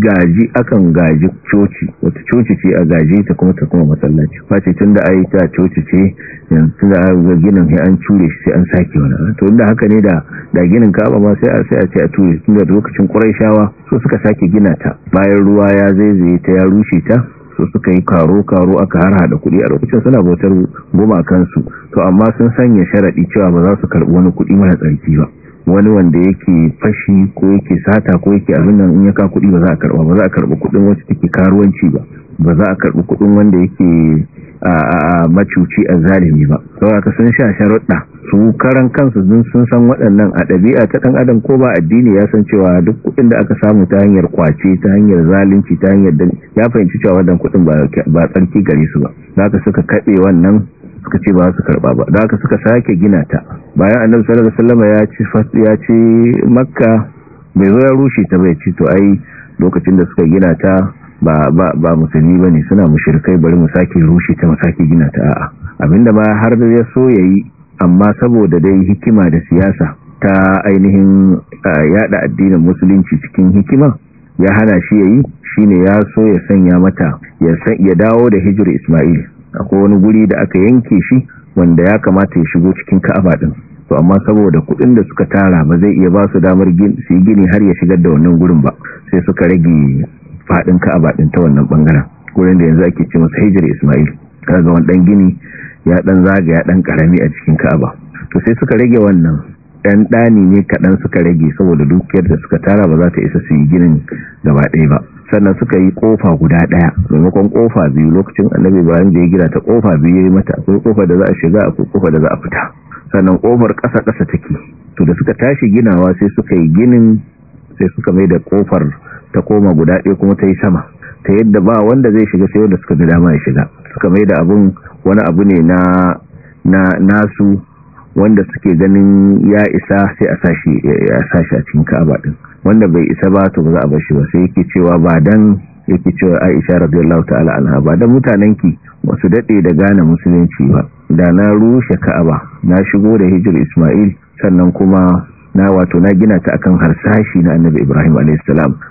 gaji akan gaji coci wata coci ce a gaji ta kuma ta kuma masallaci face tun da ai ta coci ce yanzu da ga ginin ya an cure shi sai an sake wani to inda haka ne da da ginin kaba ma sai a sai a ce a ture tun da lokacin quraishawa so suka sake gina ta bayan ruwa ya zaizaye ta ya rushe ta so suka yi karo-karo aka har hada kuɗi a lokacin suna bautar goma kansu to amma sun sanya sharaɗi cewa ba za su karɓi wani kuɗi mara tsarki ba wani wanda yake fashi ko yake sata ko yake abin nan in ya ka kuɗi ba za a karɓa ba za a karɓa kuɗin wacce take karuwanci ba ba za a karɓi kuɗin wanda yake a macuci a zalimi ba sau aka sun sha sharuɗa su karan kansu sun san waɗannan a ɗabi'a ta ɗan adam ko ba addini ya san cewa duk kuɗin da aka samu ta hanyar kwace ta hanyar zalunci ta hanyar ya fahimci cewa waɗannan kuɗin ba tsarki gare su ba za ka suka kaɓe wannan suka ce ba su karba ba da aka suka sake gina ta bayan annabi sallallahu alaihi wasallam ya ci makka bai zo ya rushe ta bai ci to ai lokacin da suka gina ta ba ba ba musulmi bane suna mushrikai bari mu sake rushe ta mu sake gina ta a'a abinda ba har da ya so yayi amma saboda dai hikima da siyasa ta ainihin yada addinin musulunci cikin hikima ya hana shi yayi shine ya so ya sanya mata ya dawo da hijir Ismail akwai wani guri da aka yanke shi wanda ya kamata ya shigo cikin ka'aba din to amma saboda kuɗin da suka tara ba zai iya ba su damar su gini har ya shigar da wannan gurin ba sai suka rage fadin ka'aba din ta wannan bangaren gurin da yanzu ake ce masa hijir ismail kaga wani dan gini ya dan zaga ya dan karami a cikin ka'aba to sai suka rage wannan ɗan ɗani ne kaɗan suka rage saboda dukiyar da suka tara ba za ta isa su yi ginin gaba ɗaya ba sannan suka yi ƙofa guda ɗaya maimakon ƙofa biyu lokacin annabi bayan da ya gina ta ƙofa biyu ya yi mata akwai ƙofa da za a shiga akwai ƙofa da za a fita sannan ƙofar ƙasa-ƙasa take to da suka tashi ginawa sai suka yi ginin sai suka mai da ƙofar ta koma guda ɗaya kuma ta yi sama ta yadda ba wanda zai shiga sai wanda suka ga dama ya shiga suka mai da abun wani abu ne na nasu wanda suke ganin ya isa sai a sashi a cikin ka'aba din wanda bai isa ba to za a bar shi ba sai yake cewa ba dan yake cewa Aisha radiyallahu ta'ala anha ba dan mutanen ki wasu dade da gane musulunci ba da na rushe ka'aba na shigo da hijir Isma'il sannan kuma na wato na gina ta akan harsashi na annabi ibrahim a.s.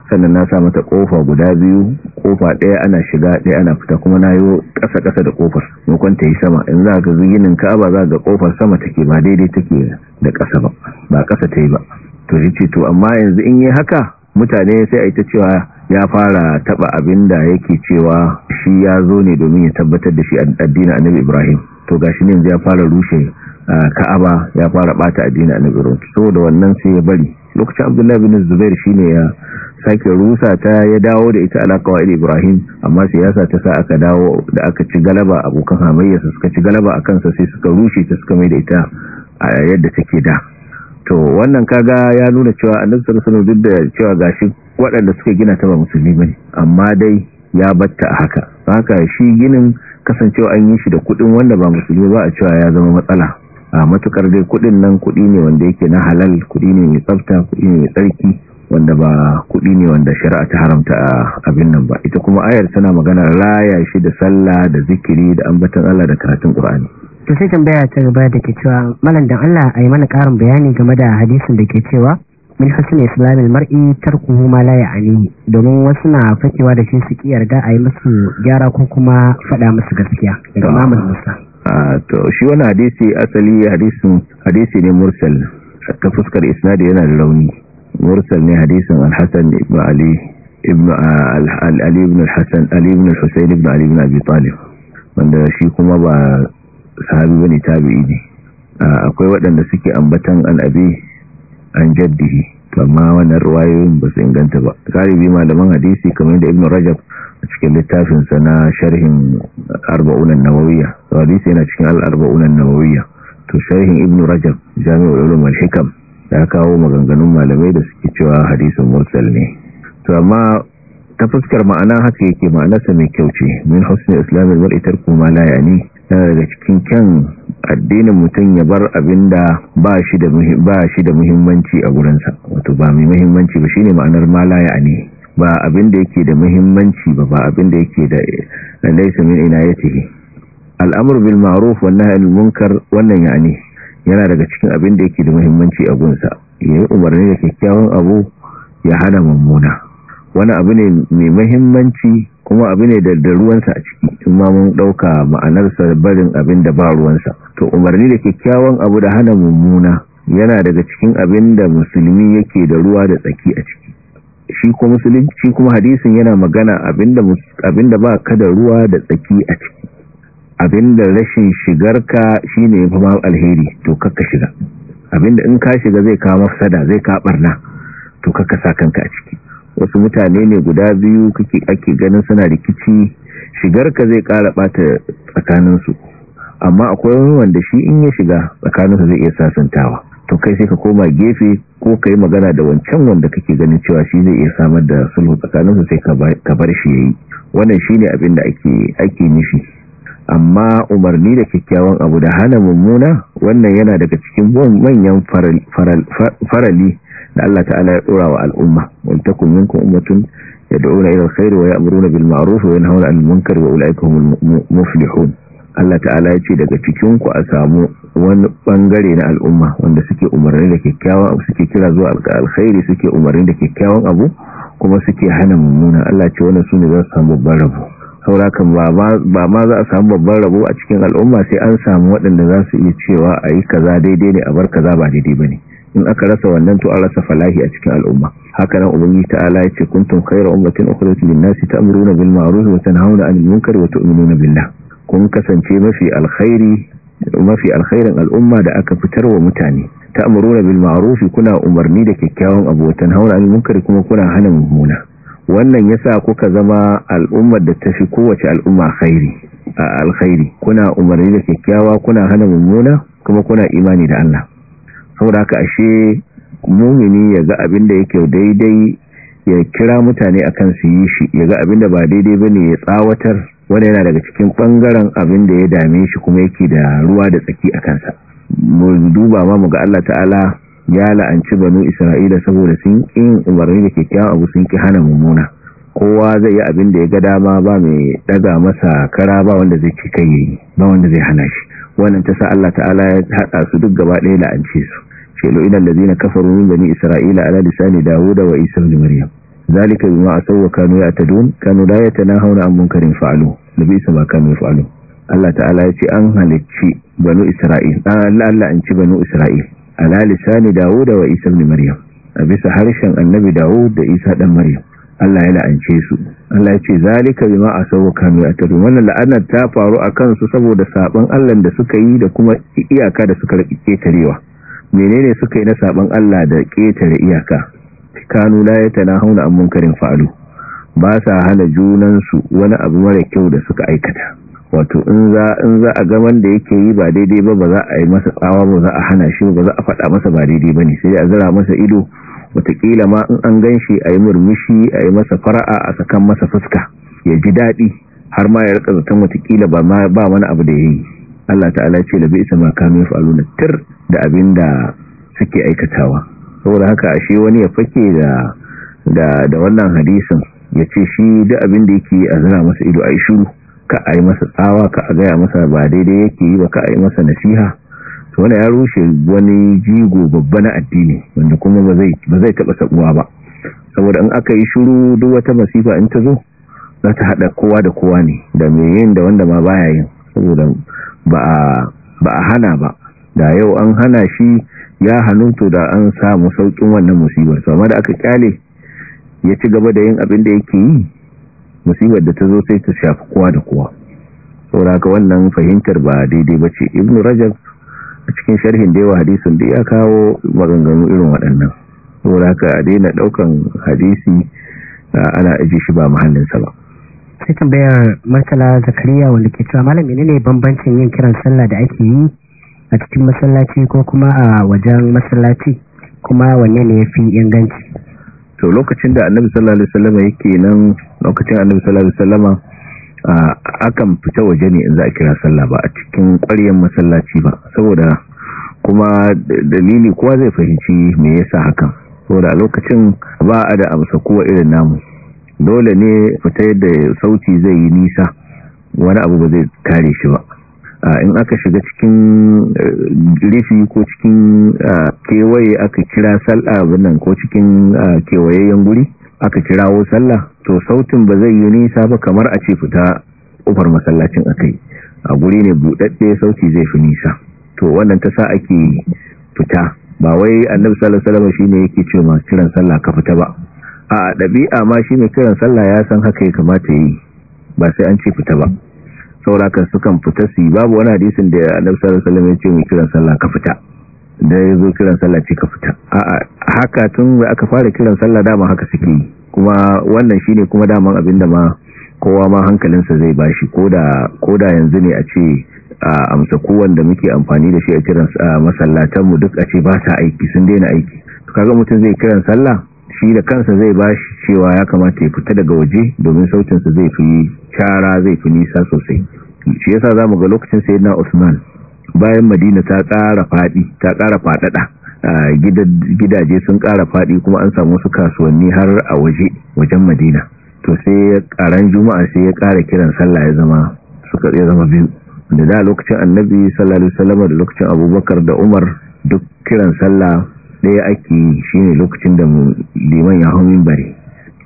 sannan na sa mata kofa guda biyu kofa ɗaya ana shiga ɗaya ana fita kuma na yi kasa ƙasa da kofar maimakon ta yi sama in za ka ba ba za ga kofar sama take ba daidai take da kasa ba ba ƙasa ta yi ba to shi ce to amma yanzu in yi haka mutane sai a yi cewa ya fara taɓa abin da yake cewa shi ya zo ne domin ya tabbatar da shi addinin annabi ibrahim to gashi ne yanzu ya fara rushe ka'aba ya fara bata addinin so saboda wannan sai ya bari lokacin abdullahi bin zubair shine ya sake rusa ta ya dawo da ita alakawa qawaid ibrahim amma siyasa ta sa aka dawo da aka ci galaba abokan hamayya su suka ci galaba akan sa sai suka rushe ta suka mai da ita a yadda take da to wannan kaga ya nuna cewa annabi sallallahu alaihi wasallam duk da cewa gashi waɗanda suka gina ta ba musulmi bane amma dai ya batta a haka haka shi ginin kasancewa an yi shi da kuɗin wanda ba musulmi ba a cewa ya zama matsala a matukar dai kudin nan kudi ne wanda yake na halal kudi ne mai tsafta kudi ne mai tsarki wanda ba kudi ne wanda shari'a ta haramta abin nan ba ita kuma ayar tana magana raya shi da sallah da zikiri da ambatan Allah da karatun Qur'ani to sai tambaya ta gaba da ke cewa malam dan Allah ayi mana karin bayani game da hadisin da ke cewa min hasan islamil mar'i tarku ma la ya'ni domin wasu na fakewa da shi su ki yarda ayi musu gyara ko kuma faɗa musu gaskiya daga Imam Musa to shi wani hadisi asali hadisi ne mursal ta fuskar isnadi yana da rauni mursal ne hadisin al-hasan ibn ali ibn al-ali ibn al-hasan ali ibn al ali ibn al husayn ibn ali ibn abi talib wanda shi kuma ba sahabi bane tabi'i ne akwai waɗanda suke ambatan al abi an jaddihi kama wannan ruwayoyin ba su inganta ba bi malaman hadisi kamar da ibn rajab cikin littafinsa na sharhin arba'unan nawawiya hadisi yana cikin al'arba'unan nawawiya to sharhin ibn rajab jami'ul ulum wal hikam ya kawo maganganun malamai da suke cewa hadisin mursal ne to amma ta fuskar ma'ana haka yake ma'anarsa mai kyau ce min husni islamil mar'i tarku ma la yani daga cikin kyan addinin mutum ya bar abinda ba shi da ba shi da muhimmanci a gurinsa wato ba mai muhimmanci ba shine ma'anar ma la yani ba abin da yake da muhimmanci ba ba abin da yake da laisa min inayatihi al'amr bil ma'ruf wa nahy anil munkar wannan yana yana daga cikin abin da yake da muhimmanci a gunsa yayi umarni da kyakkyawan abu ya hana mummuna wani abu ne mai muhimmanci kuma abu ne da ruwansa a ciki in ma mun dauka sa barin abin da ba ruwansa to umarni da kyakkyawan abu da hana mummuna yana daga cikin abin da musulmi yake da ruwa da tsaki a ciki shi kuma musulunci kuma hadisin yana magana abinda abinda ba ka da ruwa da tsaki a ciki abinda rashin shigarka shine fa ma alheri to kakka shiga abinda in ka shiga zai kawo mafsada zai ka barna to kakka sa kanka a ciki wasu mutane ne guda biyu kake ake ganin suna rikici shigarka zai kara bata tsakaninsu amma akwai wanda shi in ya shiga tsakaninsu zai iya sasantawa to kai sai ka koma gefe ko kai magana da wancan wanda kake ganin cewa shi zai iya samar da sulhu tsakanin su sai ka bar shi yayi wannan shine abin da ake ake nufi amma umarni da kyakkyawan abu da hana mummuna wannan yana daga cikin manyan farali da Allah ta'ala ya dora wa al'umma wal takum minkum ummatun yad'una ila alkhairi wa ya'muruna bil ma'ruf wa yanhauna 'anil munkari wa ulaika humul muflihun Allah ta'ala ya ce daga cikinku a samu wani bangare na al'umma wanda suke umarni da kyakkyawan abu suke kira zuwa alkhairi suke umarni da kyakkyawan abu kuma suke hana mummuna Allah ce wannan sune za su samu babban rabo saurakan ba ma za a samu babban rabo a cikin al'umma sai an samu waɗanda za su iya cewa a yi kaza daidai ne a bar kaza ba daidai ba ne in aka rasa wannan to an rasa falahi a cikin al'umma haka nan ubangi ta'ala ya ce kuntum khayra ummatin ukhrijat lin-nasi ta'muruna bil ma'ruf wa tanhauna 'anil munkari wa tu'minuna billah kun kasance mafi alkhairi mafi alkhairin al'umma da aka fitar wa mutane ta'muruna bil ma'ruf kuna umarni da kyakkyawan abotan haura al munkari kuma kuna hana mummuna wannan yasa kuka zama al'ummar da tafi kowace al'umma khairi a alkhairi kuna umarni da kyakkyawa kuna hana mummuna kuma kuna imani da Allah saboda haka ashe mumini ya ga abin da yake daidai ya kira mutane akan su yi shi ya ga abin da ba daidai bane ya tsawatar wanda yana daga cikin ɓangaren abin da ya dame shi kuma yake da ruwa da tsaki a kansa mu duba ma mu ga Allah ta'ala ya la'anci banu Isra'ila saboda sun ƙin umarni da kyakkyawan abu sun ki hana mummuna kowa zai yi abin da ya ga dama ba mai daga masa kara ba wanda zai ci kai yayi ba wanda zai hana shi wannan ta sa Allah ta'ala ya haɗa su duk gaba ɗaya la'ance su shelo idan ladina kafaru min bani isra'ila ala lisani dawuda wa isa ibn maryam zalika bima asaw wa kanu ya'tadun kanu la yatanahawna an munkarin fa'alu da bai sama kanu fa'alu Allah ta'ala ya ce an halicci banu Isra'il ah, Allah an ci banu Isra'il ala lisani Dawud wa Isa ibn Maryam a bisa harshen annabi Dawud da Isa dan Maryam Allah ya la'ance su Allah ya ce zalika bima asawu kanu atadu wannan la'anar ta faru akan su saboda saban Allah da suka yi da kuma iyaka da suka ketarewa menene suka yi na saban Allah da ketare iyaka kanu la yatanahuna an munkarin fa'alu ba sa hana junansu wani abu mara kyau da suka aikata wato in za a ga wanda yake yi ba daidai ba ba za a yi masa tsawa ba za a hana shi ba za a faɗa masa ba daidai ba ne sai a zira masa ido watakila ma in an gan shi a yi murmushi a yi masa fara'a a sakan masa fuska ya ji daɗi har ma ya rika zaton wataƙila ba wani abu da ya yi Allah ta'ala ce da bai ma kamin na tir da abin da suke aikatawa saboda haka ashe wani ya fake da da wannan hadisin ya ce shi da abin da yake a zira masa ido a yi shuru ka a yi masa tsawa ka a gaya masa ba daidai yake yi ba ka a yi masa nasiha to wani ya rushe wani jigo babba na addini wanda kuma ba zai taɓa sabuwa ba saboda in aka yi shuru duk wata masifa in ta zo za ta haɗa kowa da kowa ne da mai yin da wanda ma baya yin saboda ba a hana ba da yau an hana shi ya hannun to da an samu sauƙin wannan musibar to amma da aka kyale ya ci gaba da yin abin da yake yi musibar da ta zo sai ta shafi kowa da kowa haka wannan fahimtar ba daidai ba ce ibn rajab a cikin sharhin da yawa hadisin da ya kawo maganganu irin waɗannan haka a daina ɗaukan hadisi ana aji shi ba mahallinsa ba sai tambayar matsala zakariya wanda ke cewa malam ne bambancin yin kiran sallah da ake yi a cikin masallaci ko kuma a wajen masallaci kuma wanne ne ya fi inganci so lokacin da annabi sallallahu alaihi wasallam yake nan lokacin annabi sallallahu alaihi wasallam akan fita waje ne in za a kira sallah ba a cikin ƙwaryen masallaci ba saboda kuma dalili kowa zai fahimci me yasa haka saboda a lokacin ba a da amsa kowa irin namu dole ne fita yadda sauti zai yi nisa wani abu ba zai kare shi ba in aka shiga cikin eh, rifi ko cikin kewaye aka kira sallah nan ko cikin kewayayyen guri aka kirawo sallah to sautin ba zai yi nisa ba kamar a ce fita kofar masallacin akai a guri ne budadde sauti zai fi nisa to wannan ta sa ake fita ba wai annabi sallallahu alaihi wasallam shine yake ce ma kiran sallah ka fita ba a dabi'a ma shine kiran sallah ya san haka ya kamata yi ba sai an ce fita ba sauraka sukan fita su babu wani hadisin da annabi sallallahu alaihi wasallam ya ce mai kiran sallah ka fita da ya zo kiran sallah ce ka fita a'a haka tun da aka fara kiran sallah dama haka suke yi. kuma wannan shine kuma daman da ma kowa ma hankalinsa zai bashi koda koda yanzu ne a ce a amsa kowan da muke amfani da shi a kiran masallatan mu duk a ce ba ta aiki sun daina aiki kaga mutum zai kiran sallah shi da kansa zai ba shi cewa ya kamata ya fita daga waje domin sautinsa zai fi cara zai fi nisa sosai shi yasa mu ga lokacin na Usman bayan Madina ta ƙara faɗi ta ƙara faɗaɗa gidaje sun kara faɗi kuma an samu su kasuwanni har a waje wajen Madina to sai karan juma'a sai ya kara kiran sallah ya zama suka ya zama biyu da da lokacin Annabi sallallahu alaihi wasallam da lokacin Abubakar da Umar duk kiran sallah ɗaya ake yi shine lokacin da liman ya hau minbari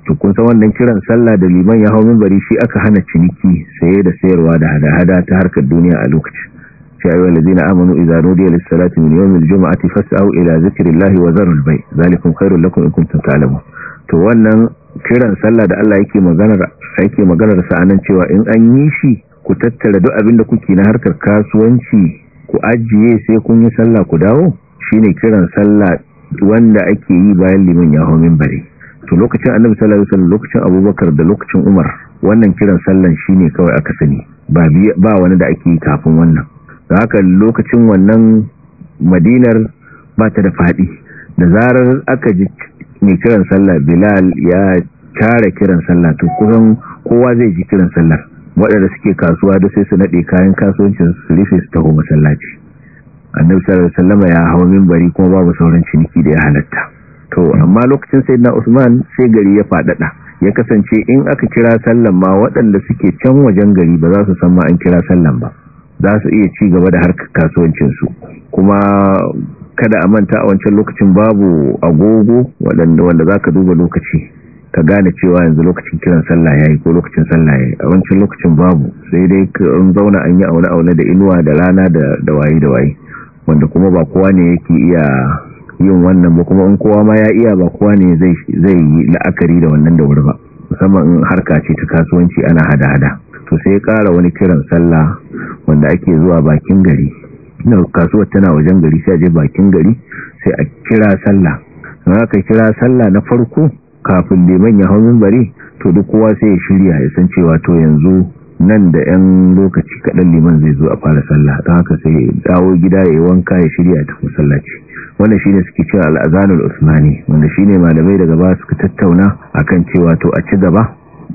to kun san wannan kiran sallah da liman ya hau mimbari shi aka hana ciniki saye da sayarwa da hada-hada ta harkar duniya a lokacin ya ayyuhal zina amanu idza nudiya lis Salatu, min yawmil fasa au ila lahi wa zarar bai zalikum kairun Lakun, in Talibu. to wannan kiran sallah da Allah yake maganar yake maganar sa cewa in an yi shi ku tattara duk abin da kuke na harkar kasuwanci ku ajiye sai kun yi sallah ku dawo shi ne kiran sallah wanda ake yi bayan liman ya hau mimbari to lokacin annabi sallallahu alaihi wasallam lokacin abubakar da lokacin umar wannan kiran sallan ne kawai aka sani ba wani da ake yi kafin wannan da haka lokacin wannan madinar ba ta da fadi da zarar aka ji mai kiran sallah bilal ya tara kiran sallah to kusan kowa zai ji kiran sallar waɗanda suke kasuwa da sai su naɗe kayan kasuwancin su rufe su taho masallaci annabi sallallahu alaihi wasallam ya hawo minbari kuma babu sauran ciniki da ya halatta to amma lokacin sayyidina Usman sai gari ya fadada ya kasance in aka kira sallan ma waɗanda suke can wajen gari ba za su san ma an kira sallan ba za su iya ci gaba da harkar kasuwancin su kuma kada a manta a wancan lokacin babu agogo wanda za ka duba lokaci ka gane cewa yanzu lokacin kiran sallah ya yi ko lokacin sallah ya yi a wancan lokacin babu sai dai ka zauna an yi aune-aune da inuwa da rana da waye dawaye wanda kuma ba kowa ne yake iya yin wannan ba kuma in kowa ma ya iya ba kowa ne zai yi la'akari da wannan da wuri ba musamman in harka ce ta kasuwanci ana hada-hada to sai ya wani kiran sallah wanda ake zuwa bakin gari na kasuwar tana wajen gari sai a je bakin gari sai a kira sallah in aka kira sallah na farko kafin liman ya hau bari to duk kowa sai ya shirya ya san cewa to yanzu nan da 'yan lokaci kaɗan liman zai zo a fara sallah don haka sai dawo gida ya yi wanka ya shirya ta musallaci. wanda shine suke cewa al'azanul usmani wanda shi ne malamai daga ba suka tattauna akan cewa to a ci gaba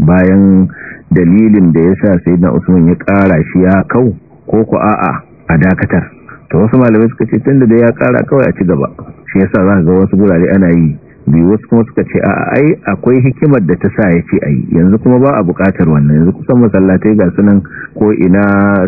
bayan dalilin da ya sa sai na usman ya ƙara shi ya kau ko ku a'a a dakatar to wasu malamai suka ce tun da ya ƙara kawai a ci gaba shi ya sa za ga wasu gurare ana yi biyu wasu kuma suka ce a ai akwai hikimar da ta sa ya ce ai yanzu kuma ba a bukatar wannan yanzu kusan masallatai ga sunan ko ina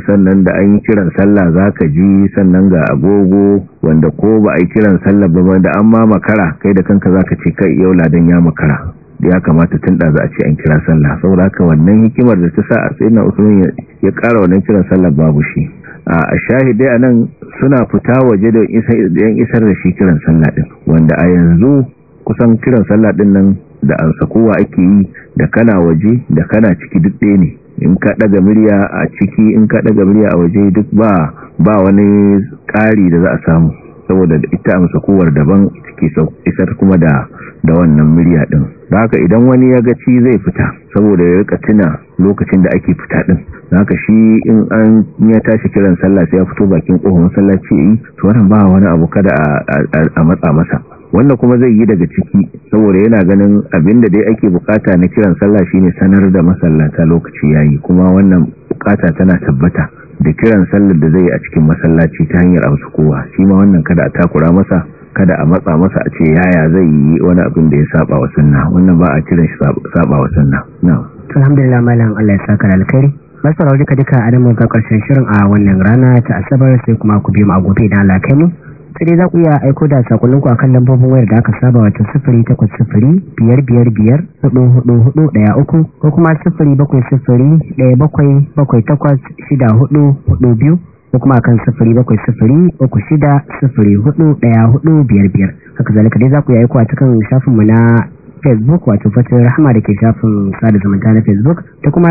sannan da an yi kiran sallah za ka ji sannan ga agogo wanda ko ba a yi kiran sallah ba da an ma makara kai da kanka za ka ce kai yau ladan ya makara ya kamata tun da za a ce an kira sallah saboda haka wannan hikimar da ta sa a tsayin usman ya kara wannan kiran sallah babu shi a shahidai a nan suna fita waje da yan isar da shi kiran sallah din wanda a yanzu kusan kiran sallah din nan da ansakowa ake yi da kana waje da kana ciki duk ɗaya ne in ka ɗaga murya a ciki in ka daga murya a waje duk ba ba wani ƙari da za a samu saboda ita amsa daban ciki isar kuma da da wannan murya din da haka idan wani ya gaci zai fita saboda ya rika tuna lokacin da ake fita din da haka shi in an ya tashi kiran sallah sai ya fito bakin kofar masallaci yi to wannan ba wani abu kada a matsa masa wannan kuma zai yi daga ciki saboda yana ganin abin da dai ake bukata na kiran sallah shine sanar da masallata lokaci yayi kuma wannan bukata tana tabbata da kiran sallar da zai a cikin masallaci ta hanyar amsu kowa shi ma wannan kada a takura masa kada a matsa masa a ce yaya zai yi wani abin da ya saba wa sunna wannan ba a kiran shi saba wa sunna na alhamdulillah malam Allah ya saka alkhairi masarauta duka duka a nan mun ga karshen shirin a wannan rana ta asabar sai kuma ku bi mu a gobe da Allah kai mu sai dai za ku iya aiko da sakonninku akan lambobin wayar da aka saba wato sufuri takwas sufuri biyar biyar biyar hudu hudu hudu daya uku ko kuma sufuri bakwai sufuri daya bakwai bakwai takwas shida hudu hudu biyu ko kuma akan sufuri bakwai sufuri uku shida sufuri hudu daya hudu biyar biyar haka zalika dai za ku iya aiko a cikin shafinmu na facebook wato fatan rahama da ke shafin sada zumunta na facebook da kuma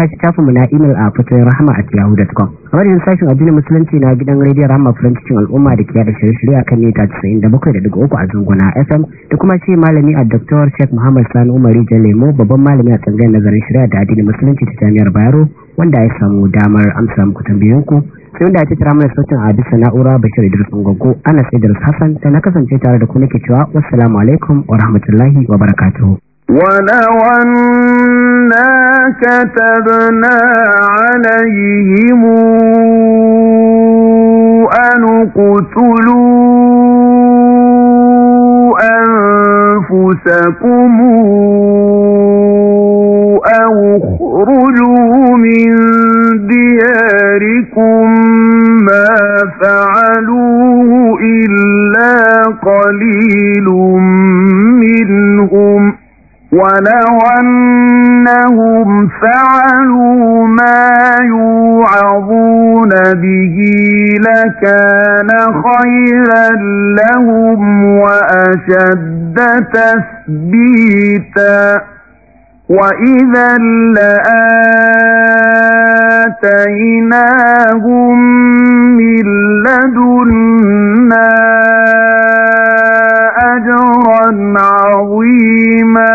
mu na email a fatan rahama a yahoo.com radin sashen addinin musulunci na gidan rediyon rahama furancicin al'umma da ke yada shirye-shirye a kan mita 97.3 a zunguna fm da kuma ce malami a dr sheikh muhammad sani umari lemo babban malami a tsangayar nazarin shirya da addinin musulunci ta jami'ar bayero wanda ya samu damar amsa muku tambayoyinku sai wanda ya ce tara mana sautin a bisa na'ura bashir idris ungogo ana sai idris hassan sai na kasance tare da ku nake cewa wassalamu alaikum wa rahmatullahi wa barakatuhu ولو أنا كتبنا عليهم أن اقتلوا أنفسكم وَلَوْ أَنَّهُمْ فَعَلُوا مَا يُوعَظُونَ بِهِ لَكَانَ خَيْرًا لَّهُمْ وَأَشَدَّ تَثْبِيتًا وَإِذًا لَّآتَيْنَاهُم مِّن لَّدُنَّا أَجْرًا عَظِيمًا